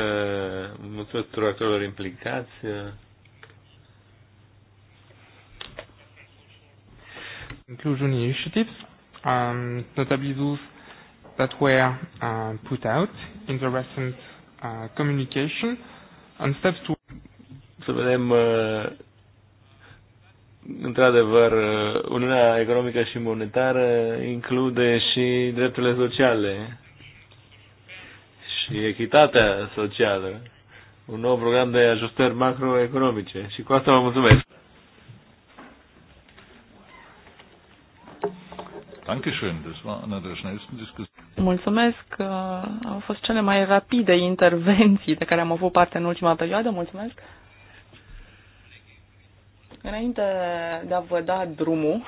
mulțumesc tuturor actorilor implicați. Uh, inclusion initiatives, um, notably those that were uh, put out in the recent uh, communication and steps to să vedem uh, într-adevăr uh, Uniunea Economică și Monetară include și drepturile sociale și echitatea socială un nou program de ajustări macroeconomice și cu asta vă mulțumesc Mulțumesc. Au fost cele mai rapide intervenții de care am avut parte în ultima perioadă. Mulțumesc. Înainte de a vă da drumul,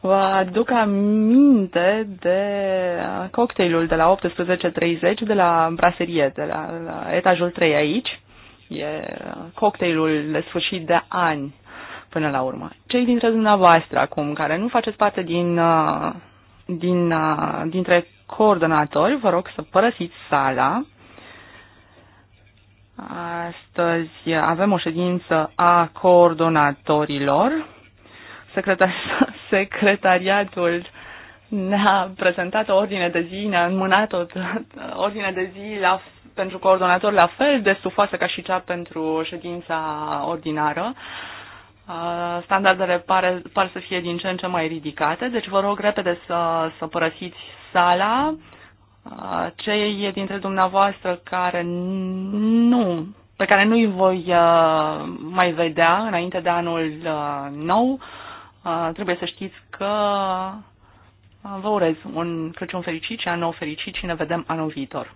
vă aduc aminte de cocktailul de la 18.30 de la braserie, de la, la etajul 3 aici. E cocktailul de sfârșit de ani până la urmă. Cei dintre dumneavoastră acum, care nu faceți parte din, uh, din, uh, dintre coordonatori, vă rog să părăsiți sala. Astăzi avem o ședință a coordonatorilor. Secretar- secretariatul ne-a prezentat o ordine de zi, ne-a înmânat o ordine de zi la, pentru coordonator la fel de stufoasă ca și cea pentru ședința ordinară. Uh, standardele pare, par să fie din ce în ce mai ridicate, deci vă rog repede să, să părăsiți sala. Cei dintre dumneavoastră care nu, pe care nu-i voi mai vedea înainte de anul nou, trebuie să știți că vă urez un Crăciun fericit și an nou fericit și ne vedem anul viitor.